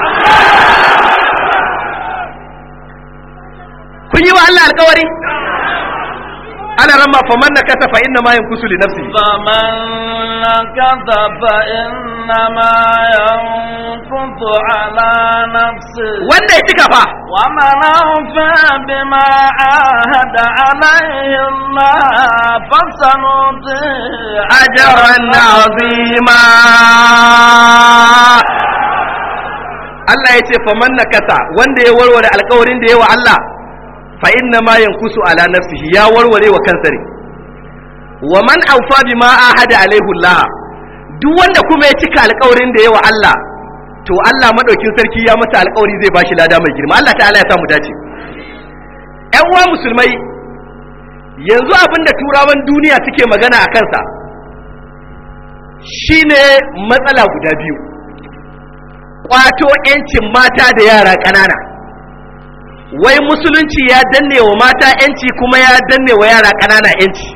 kun yi wa Allah alƙawari ana ramma fa man nakasa fa inna ma yankusu li nafsihi fa man nakasa fa inna ma yankusu ala nafsi. wanda yake fa wa ma na fa bima ahada alayhi ma fa sanuti ajran azima Allah ya ce fa man nakasa wanda ya warware alƙawarin da ya wa Allah fa inna ma yankusu ala nafsihi ya warware wa kansa ne wa man awfa bima ahada alaihi Allah duk wanda kuma ya cika alƙawarin da yawa Allah to Allah madaukin sarki ya masa alƙawari zai bashi lada mai girma Allah ta'ala ya samu dace ƴan uwa musulmai yanzu abin da turawan duniya suke magana a kansa shine matsala guda biyu ƙwato 'yancin mata da yara ƙanana wai musulunci ya danne wa mata yanci kuma ya danne wa yara ƙanana yanci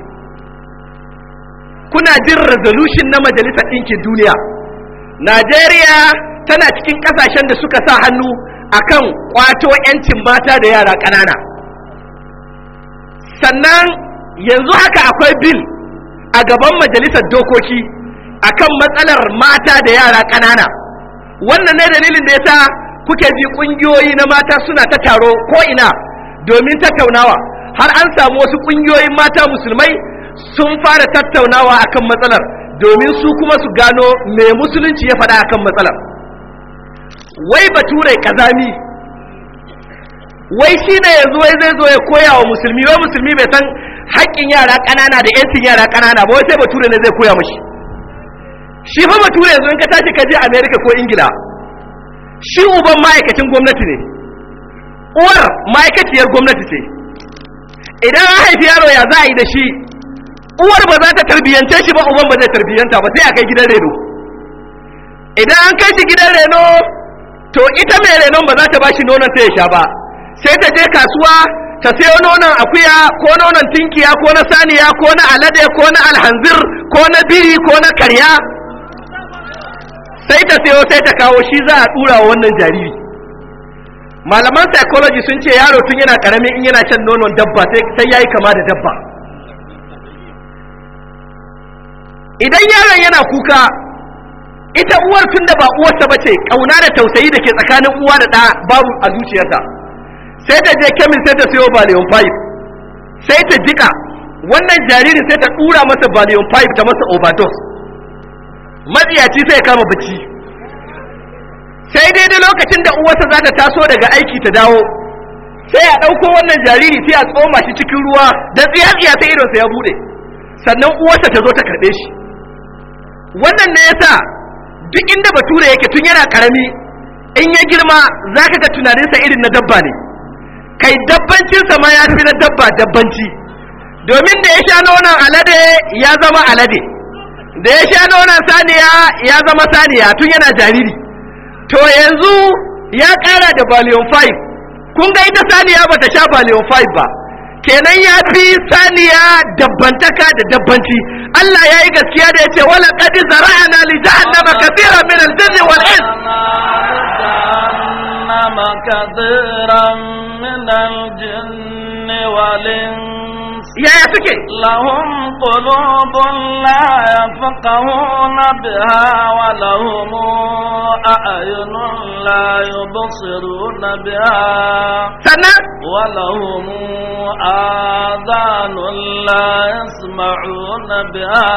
kuna jin resolution na majalisar ɗinkin duniya najeriya tana cikin ƙasashen da suka sa hannu akan kwato yancin mata da yara ƙanana sannan yanzu haka akwai bil a gaban majalisar dokoki akan matsalar mata da yara ƙanana wannan ne dalilin da ya sa kuke ji kungiyoyi na mata suna ta taro ko ina domin tattaunawa har an samu wasu kungiyoyin mata musulmai sun fara tattaunawa akan matsalar domin su kuma su gano me musulunci ya faɗa akan matsalar wai bature kazami wai shi ne yanzu wai zai zo ya koya wa musulmi wai musulmi bai san haƙƙin yara ƙanana da 'yancin yara ƙanana ba wai sai bature ne zai koya mashi shi fa bature yanzu in ka tashi ka je america ko ingila shi uban ma'aikacin gwamnati ne uwar ma'aikaciyar gwamnati ce idan an haifi yaro ya za a yi da shi uwar ba za ta tarbiyyance shi ba uban ba zai tarbiyyanta ba sai a kai gidan reno idan an kai shi gidan reno to ita mai renon ba za ta ba shi nonon ta ya sha ba sai ta je kasuwa ta sayo nonon akuya ko nonon tinkiya ko na saniya ko na alade ko na alhanzir ko na biri ko na karya sai ta sayo sai ta kawo shi za a dura wa wannan jariri malaman psychology sun ce yaro tun yana karami in yana shan nonon dabba sai yayi kama da dabba idan yaron yana kuka ita uwar tun da ba uwarsa ba ce kauna da tausayi da ke tsakanin uwa da ɗa babu a zuciyarta sai ta je kemin sai ta sayo baliyon pipe sai ta jika wannan jaririn sai ta dura masa baliyon pipe ta masa overdose matsiyaci sai ya kama bacci sai dai dai lokacin da uwarsa za ta taso daga aiki ta dawo sai a ɗauko wannan jariri sai a tsoma shi cikin ruwa da tsiya-tsiya sai idonsa ya buɗe sannan uwarsa ta zo ta karɓe shi wannan ne yasa duk inda bature yake tun yana karami in ya girma za ka ga tunaninsa irin na dabba ne kai dabbancinsa ma ya fi na dabba dabbanci domin da ya sha nonon alade ya zama alade da ya sha nonon saniya ya zama saniya tun yana jariri to yanzu ya kara da baliyon 5 kun ga ita saniya ba ta sha baliyon 5 ba kenan ya fi saniya dabbantaka da dabbanci Allah ya yi gaskiya da ya ce wala kadi zara'ana li jahannama kathiran min al-jinni min al-jinni wal يا يسكي لهم قلوب لا يفقهون بها ولهم أعين لا يبصرون بها سنة ولهم آذان لا يسمعون بها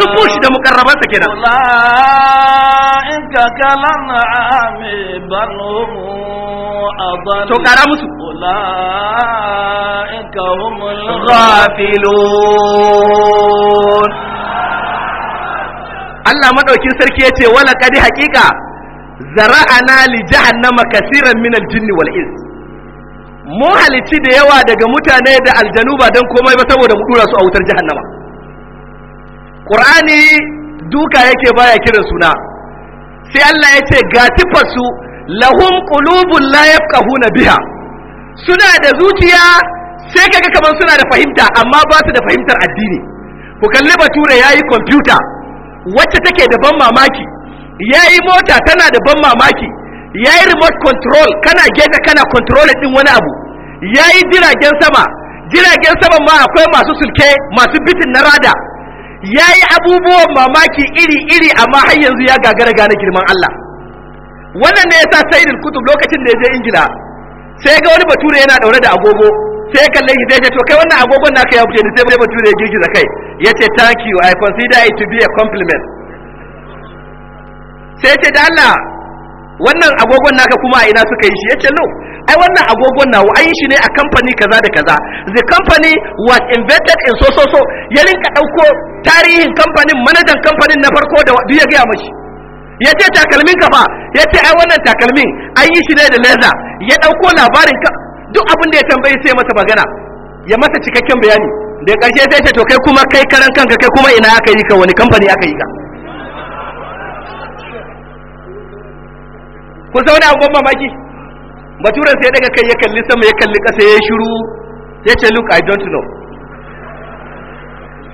تبوش دا مكربات كنا أولئك كالأنعام بل هم أضل أولئك هم الغالب غافلون Allah maɗaukin sarki yace wala kadi haqiqa zara'ana li jahannama kaseeran min al mu halici da yawa daga mutane da aljanu ba dan komai ba saboda mu dura su a wutar jahannama Qur'ani duka yake baya kiran suna sai Allah ce ga su lahum qulubun la yafqahuna biha suna da zuciya sai kaga kamar suna da fahimta amma ba su da fahimtar addini ku kalli bature yayi kwamfuta wacce take da ban mamaki yayi mota tana da ban mamaki yayi remote control kana gefe kana control din wani abu yayi jiragen sama jiragen sama ma akwai masu sulke masu bitin na rada yayi abubuwan mamaki iri iri amma har yanzu ya gagara gane girman Allah wannan ne yasa sayyidul kutub lokacin da ya je ingila sai ga wani bature yana daure da agogo sai ya kalle shi sai ya to kai wannan agogon naka ya fice ni sai bai bature girgiza kai Yace, thank you i consider it to be a compliment sai ya ce da Allah wannan agogon naka kuma a ina suka yi shi ya ce no ai wannan agogon nawa an yi shi ne a kamfani kaza da kaza the company was invented in so so so ya rinka ɗauko tarihin kamfanin manajan kamfanin na farko da duk ya gaya mashi ya ce takalmin kafa ya ce ai wannan takalmin an yi shi ne da leza ya ɗauko labarin duk abin da ya tambayi sai masa magana ya masa cikakken bayani da karshe sai ce to kai kuma kai karan kanka kai kuma ina aka yi ka wani kamfani aka yi ka ku zauna a gwamma mamaki baturan sai daga kai ya kalli sama ya kalli kasa ya shiru ya ce look i don't know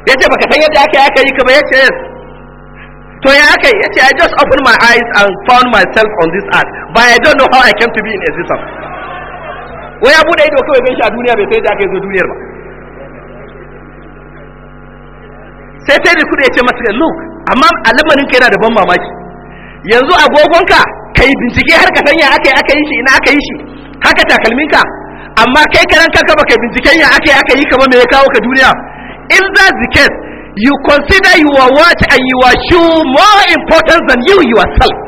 ya ce baka san yadda aka yi aka yi ka ba ya ce yes to ya aka yi ya ce i just opened my eyes and found myself on this earth but i don't know how i came to be in existence wai ya bude ido kawai gan shi a duniya bai sai da aka yi zo duniyar ba sai sai da kudu ya ce masa look amma alamarin ka yana da ban mamaki yanzu agogonka kai bincike har ka sanya aka yi aka yi shi ina aka yi shi haka takalminka amma kai karan kanka baka binciken ya aka yi aka yi kamar me ya kawo ka duniya in za the case you consider your watch and your shoe more important than you yourself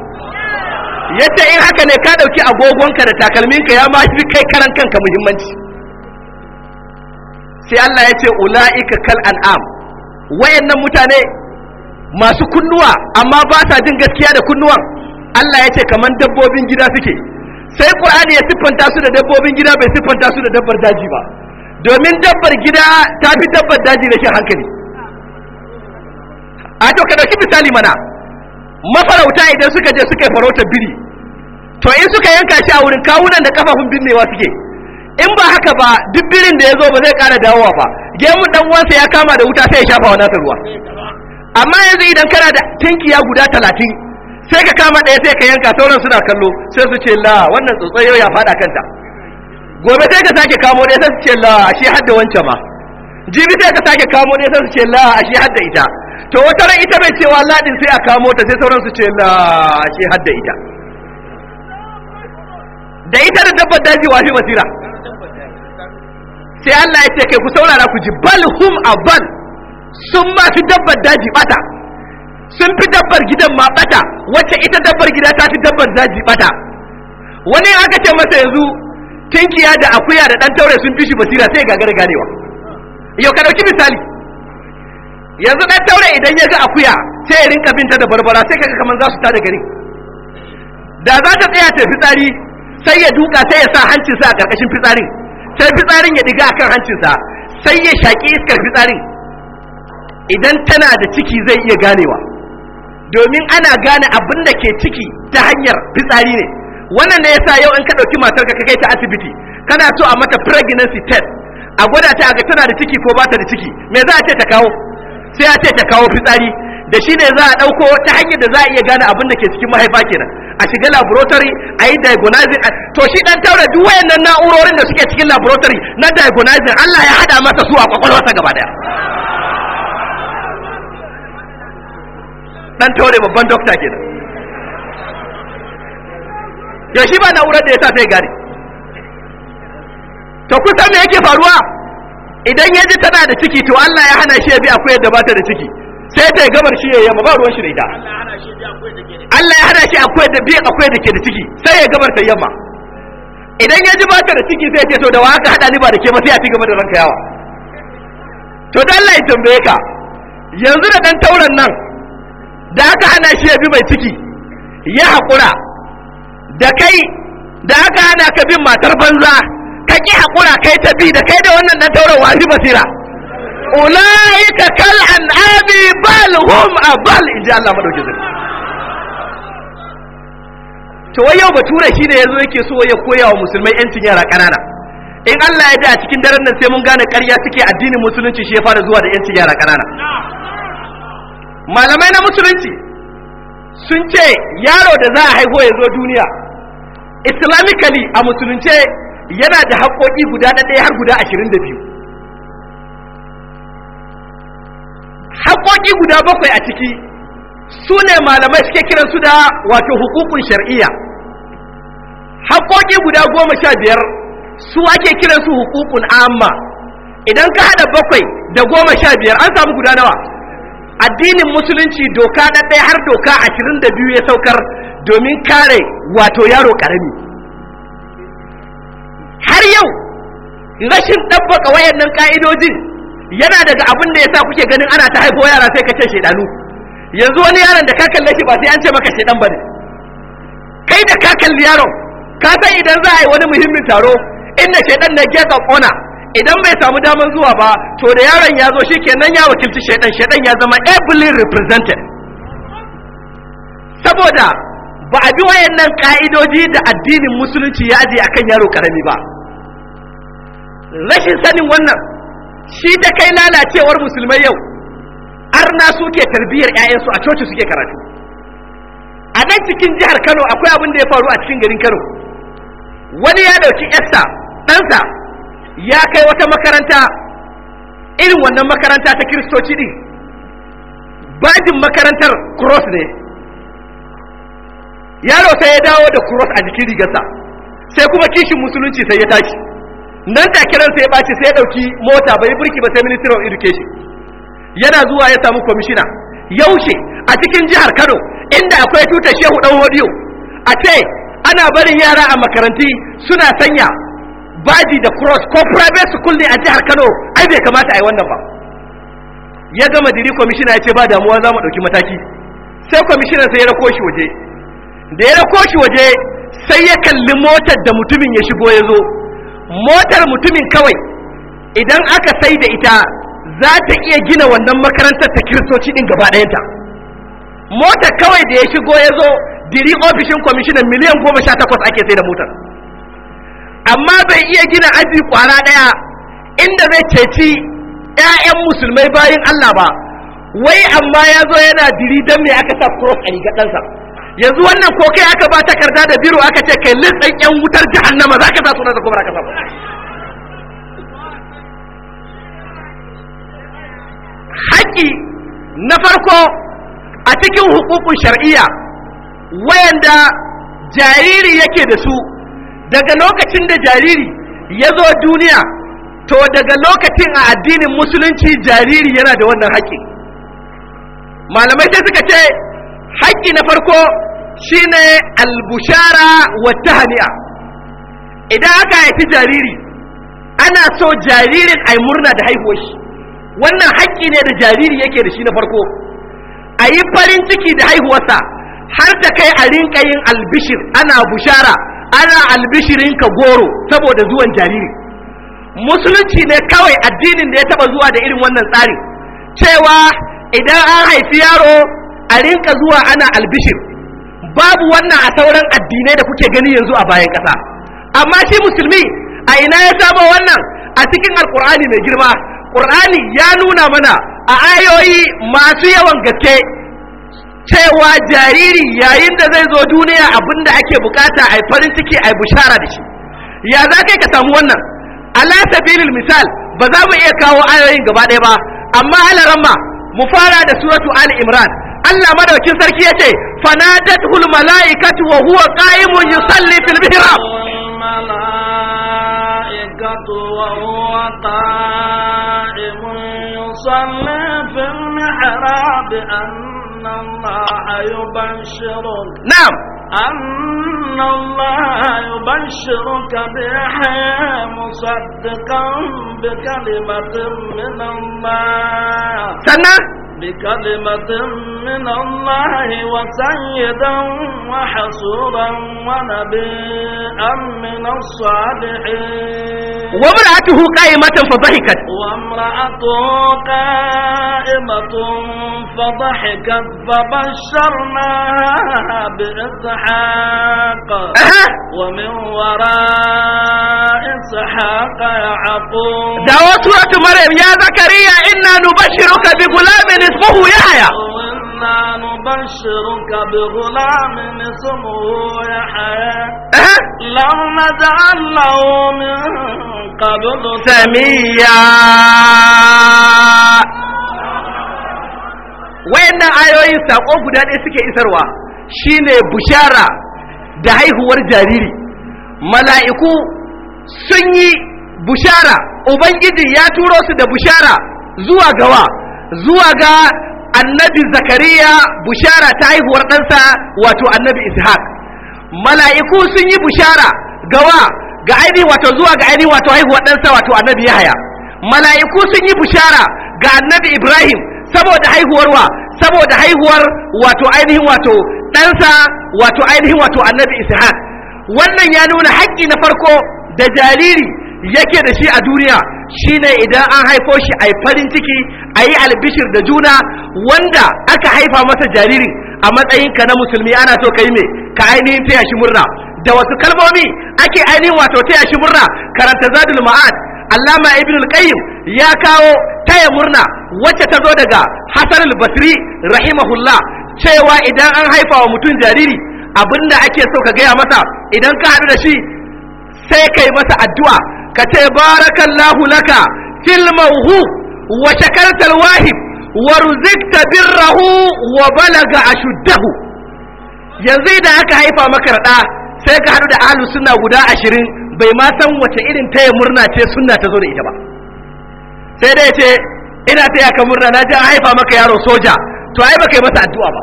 yace in haka ne ka dauki agogonka da takalminka ya ma fi kai karan kanka muhimmanci sai Allah ya ce ula'ika kal an'am wayannan mutane masu kunnuwa amma ba sa jin gaskiya da kunnuwan Allah ya ce kaman dabbobin gida suke sai Qur'ani ya siffanta su da dabbobin gida bai siffanta su da dabbar daji ba domin dabbar gida ta fi dabbar daji da shi hankali a to ka dauki misali mana mafarauta idan suka je suka farauta biri to in suka yanka shi a wurin kawunan da kafafun binnewa suke in ba haka ba duk birin da ya zo ba zai kara dawowa ba gemun dan uwansa ya kama da wuta sai ya shafa wa nasa ruwa amma yanzu idan kana da tinkiya guda talatin sai ka kama ɗaya sai ka yanka sauran suna kallo sai su ce la wannan tsotsai yau ya faɗa kanta gobe sai ka sake kamo ɗaya sai su ce la a shi hadda wancan ma jibi sai ka sake kamo ɗaya sai su ce la a shi hadda ita to wata ran ita bai cewa ladin sai a kamo ta sai sauran su ce la a shi hadda ita da ita da dabbar daji wafi basira sai Allah ya ce kai ku saurara ku ji bal hum aban sun ma fi dabbar daji bata sun fi dabbar gidan ma bata wacce ita dabbar gida ta fi dabbar daji bata wani aka ce masa yanzu tinkiya da akuya da dan taure sun fi shi basira sai gagara ganewa yau ka dauki misali yanzu dan taure idan ya ga akuya sai ya rinka binta da barbara sai kaga kaman za su ta da gari da za ta tsaya ta fitsari sai ya duka sai ya sa hancinsa a ƙarƙashin fitsarin sai fitsarin ya diga akan hancinsa sai ya shaƙi iskar fitsarin idan tana da ciki zai iya ganewa domin ana gane abin da ke ciki ta hanyar fitsari ne wannan ne yasa yau in ka ɗauki matar ka kai ta asibiti kana so a mata pregnancy test a gwada ta ga tana da ciki ko ba ta da ciki me za a ce ta kawo sai a ce ta kawo fitsari da shi ne za a ɗauko ta hanyar da za a iya gane abin da ke cikin mahaifa kenan a shiga laboratory a yi diagonizing to shi dan taure duk wayannan na'urorin da suke cikin laboratory na diagonizing Allah ya hada masa su a kwakwalwarsa gaba daya dan taure babban dokta kenan shi ba na'urar da ya sa sai gari to kusan me yake faruwa idan ya ji tana da ciki to Allah ya hana shi ya bi akwai yadda bata da ciki sai ta gabar shi ya yamma ba ruwan shi da ita Allah ya hana shi akwai da biya akwai da ke da ciki sai ya gabar ta yamma idan ya ji bata da ciki sai ce to da waka hada ni ba da ke ba sai ya ci gaba da ranka yawa to dan Allah ya tambaye ka yanzu da dan tauran nan da aka hana shi ya bi mai ciki ya hakura da kai da aka hana ka bin matar banza ka ki haƙura kai ta bi da kai da wannan dan tauran wasi basira ula'ika kal an'abi bal hum abal inji Allah madauki zai to wai yau bature shi ne yazo yake so ya koya wa musulmai yancin yara kanana in Allah ya da a cikin daren nan sai mun gane ƙarya suke addinin musulunci shi ya fara zuwa da yancin yara kanana malamai na musulunci sun ce yaro da za a haifo ya zo duniya islamically a musulunce yana da haƙoƙi guda ɗaya har guda ashirin da biyu haƙoƙi guda bakwai a ciki su ne malamai suke kiran su da wato hukukun shar'iyya haƙoƙi guda goma sha biyar su ake kiran su hukukun amma idan ka haɗa bakwai da goma sha biyar an samu guda nawa addinin musulunci doka na ɗaya har doka ashirin da biyu ya saukar domin kare wato yaro ƙarami har yau rashin ɗabbaka wayannan ƙa'idojin yana daga abin da ya sa kuke ganin ana ta haifo yara sai ka ce shedanu yanzu wani yaron da ka kalle shi ba sai an ce maka shedan bane kai da ka kalli yaron ka san idan za a yi wani muhimmin taro inda shedan na get ka kona idan bai samu daman zuwa ba to da yaron ya zo shi kenan ya wakilci shedan shedan ya zama ably represented saboda ba a bi wayannan ka'idoji da addinin musulunci ya ajiye akan yaro karami ba rashin sanin wannan shi ta kai lalacewar musulmai yau har arna suke tarbiyyar 'ya'yansu a coci suke karatu a nan cikin jihar kano akwai abin da ya faru a cikin garin kano wani ya dauki yarsa ɗansa ya kai wata makaranta irin wannan makaranta ta kiristoci ɗin bajin makarantar cross ne yaro sai ya dawo da cross a jikin rigarsa sai kuma kishin musulunci sai ya tashi nan take sai ya ɓaci sai ya ɗauki mota bai burki ba sai minister of education yana zuwa ya samu kwamishina yaushe a cikin jihar kano inda akwai tutar shehu ɗan hodiyo a ce ana barin yara a makaranti suna sanya baji da cross ko private school ne a jihar kano ai bai kamata a yi wannan ba ya gama diri kwamishina ya ce ba damuwa za mu ɗauki mataki sai kwamishinan sai ya rako shi waje da ya rako shi waje sai ya kalli motar da mutumin ya shigo ya zo motar mutumin kawai idan aka sai da ita za ta iya gina wannan makarantar ta kiristoci din gaba ɗayanta motar kawai da ya shigo ya zo diri ofishin kwamishinan miliyan goma sha takwas ake sai da motar amma bai iya gina aji kwara ɗaya inda zai ceci 'ya'yan musulmai bayan allah ba wai amma ya zo yana diri don mai aka sa cross a rigar ɗansa yanzu wannan ko kai aka ba takarda da biro aka ce kai litsan yan wutar jahannama za ka sa sunan da kuma ka samu haƙƙi na farko a cikin hukukun shar'iyya wayanda jariri yake da su daga lokacin da jariri ya zo duniya to daga lokacin a addinin musulunci jariri yana da wannan haƙƙi malamai sai suka ce haƙƙi na farko shine albushara wa tahni'a idan aka haifi jariri ana so jaririn ai murna da haihuwar shi wannan haƙƙi ne da jariri yake da shi na farko a yi farin ciki da haihuwarsa har ta kai a rinka yin albishir ana bushara ana albishirin ka goro saboda zuwan jariri musulunci ne kawai addinin da ya taba zuwa da irin wannan tsari cewa idan an haifi yaro a rinka zuwa ana albishir babu wannan a sauran addinai da kuke gani yanzu a bayan ƙasa amma shi musulmi a ina ya samo wannan a cikin alkur'ani mai girma ƙur'ani ya nuna mana a ayoyi masu yawan gaske cewa jariri yayin da zai zo duniya abinda ake bukata a farin ciki a bushara da shi ya za kai ka samu wannan ala sabilil misal ba za mu iya kawo ayoyin gaba ɗaya ba amma alaramma mu fara da suratu ali imran Allah madaukin sarki yace fanadatul malaikatu wa huwa qa'imun yusalli fil mihrab malaikatu wa huwa qa'imun yusalli fil mihrab anna Allah yubashshirun na'am أن الله يبشرك بيحيى مصدقا بكلمة من الله سنة بكلمة من الله وسيدا وحصورا ونبيا من الصالحين وامرأته قائمة فضحكت وامرأته قائمة فضحكت فبشرناها بإسحاق ومن وراء إسحاق يعقوب دعوة سورة مريم يا زكريا إنا نبشرك بغلام اسمه يحيى وإنا wayannan ayoyin sako guda ɗaya suke isarwa shine bushara da haihuwar jariri mala'iku sun yi bushara ubangiji ya turo su da bushara zuwa gawa zuwa ga annabi zakariya bushara ta haihuwar ɗansa wato annabi ishaq mala'iku sun yi bushara gawa ga aini wato zuwa ga aini wato haihuwar ɗansa wato annabi yahaya mala'iku sun yi bushara ga annabi ibrahim saboda haihuwar wa saboda haihuwar wato ainihin wato ɗansa wato ainihin wato annabi ishaq wannan ya nuna haƙƙi na farko da jariri yake da shi a duniya shine idan an haifo shi a farin ciki a yi albishir da juna wanda aka haifa masa jaririn a matsayinka na musulmi ana so ka yi mai ka ainihin taya shi murna da wasu kalmomi ake ainihin wato taya shi murna karanta zadul ma'ad allama ibn al-qayyim ya kawo taya murna wacce ta zo daga hasan al-basri rahimahullah cewa idan an haifa wa mutum jariri abinda ake so ka gaya masa idan ka haɗu da shi sai kai masa addu'a ka ce barakallahu laka fil mawhub wa shakartal wahib wa ruzikta birrahu wa balaga ashuddahu yanzu idan aka haifa maka raɗa, sai ka hadu da ahli sunna guda ashirin, bai ma san wace irin taya murna ce sunna ta zo da ita ba sai dai ce ina taya ka murna na ji haifa maka yaro soja to ai ba kai masa addu'a ba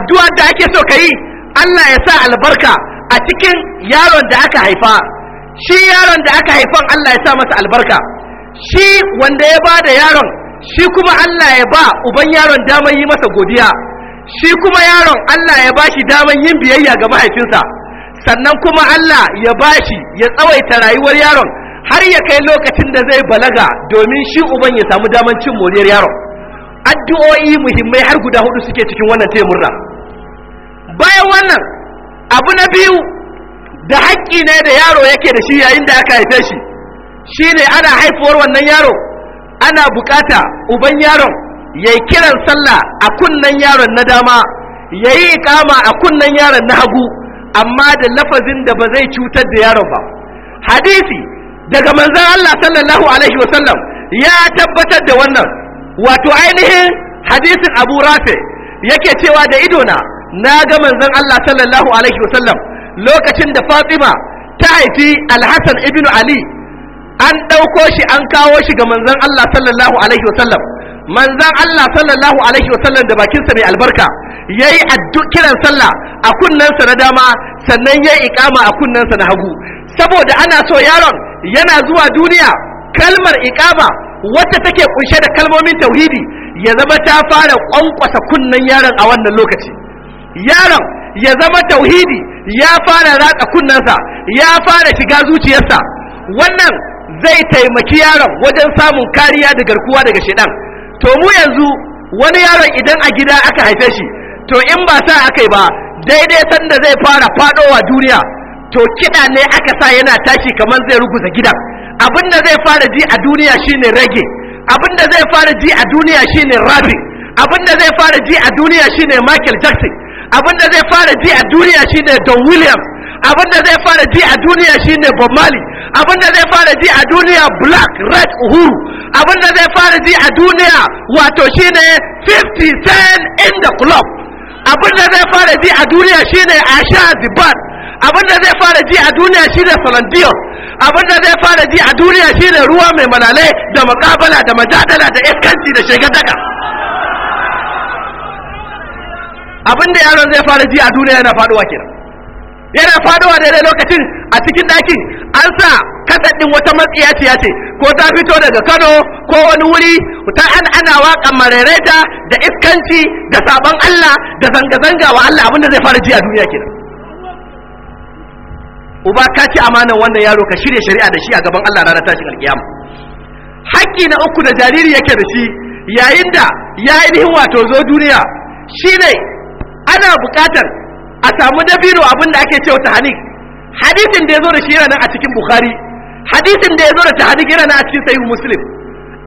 addu'a da ake so ka yi Allah ya sa albarka a cikin yaron da aka haifa shi yaron da aka haifan Allah ya sa masa albarka shi wanda ya ba da yaron shi kuma Allah ya ba uban yaron damar yi masa godiya shi kuma yaron Allah ya ba shi damar yin biyayya ga mahaifinsa sannan kuma Allah ya ba shi ya tsawaita rayuwar yaron har ya kai lokacin da zai balaga domin shi uban ya samu damar cin moriyar yaron addu'o'i muhimmai har guda hudu suke cikin wannan taya bayan wannan abu na biyu da haƙƙi ne da yaro yake da shi yayin da aka haife shi shi ne ana haifuwar wannan yaro ana bukata uban yaron yayi kiran sallah a kunnen yaron na dama ya yi ikama a kunnen yaron na hagu amma da lafazin da ba zai cutar da yaron ba hadisi daga manzan Allah sallallahu alaihi wasallam ya tabbatar da wannan wato ainihin hadisin Abu Rafi yake cewa da idona na ga manzan Allah sallallahu alaihi wasallam lokacin da fatima ta haifi alhassan ibn ali an ɗauko shi an kawo shi ga manzan allah sallallahu alaihi wasallam manzan allah sallallahu alaihi wasallam da bakinsa mai albarka ya yi kiran sallah a kunnensa na dama sannan ya yi ikama a kunnensa na hagu saboda ana so yaron yana zuwa duniya kalmar ikama wacce take kunshe da kalmomin tauhidi ya zama ta fara kwankwasa kunnen yaron a wannan lokaci yaron ya zama tauhidi ya fara ratsa kunnensa ya fara shiga zuciyarsa wannan zai taimaki yaron wajen samun kariya da garkuwa daga shedan to mu yanzu wani yaron idan a gida aka haife shi to in ba sa aka ba daidai sanda zai fara fadowa duniya to kiɗa ne aka sa yana tashi kamar zai ruguza gidan da zai fara ji a duniya shine rage da zai fara ji a duniya shine rabi da zai fara ji a duniya shine michael jackson abinda zai fara ji a duniya shine Don Williams abinda zai fara ji a duniya shine Bob Marley abinda zai fara ji a duniya Black Red Uhuru abinda zai fara ji a duniya wato shine 50 Cent in the club abinda zai fara ji a duniya shine Asha zibar Band abinda zai fara ji a duniya shine Salon Dion abinda zai fara ji a duniya shine ruwa mai malalai da makabala da majadala da iskanci da shegadaka abinda yaron zai fara ji a duniya yana faduwa kenan yana faduwa daidai lokacin a cikin ɗakin an sa kasar wata matsiya ce ko ta fito daga kano ko wani wuri ta an ana waƙan marereta da iskanci da sabon allah da zanga-zanga wa allah abinda zai fara ji a duniya kenan uba ka ci amanan wannan yaro ka shirya shari'a da shi a gaban allah ranar tashin alkiyama haƙƙi na uku da jariri yake da shi yayin da ya ainihin wato zo duniya shi ne ana buƙatar a samu dabino abin da ake cewa tahanik hadisin da ya zo da shi yana nan a cikin bukhari hadisin da ya zo da tahanik yana nan a cikin sahih muslim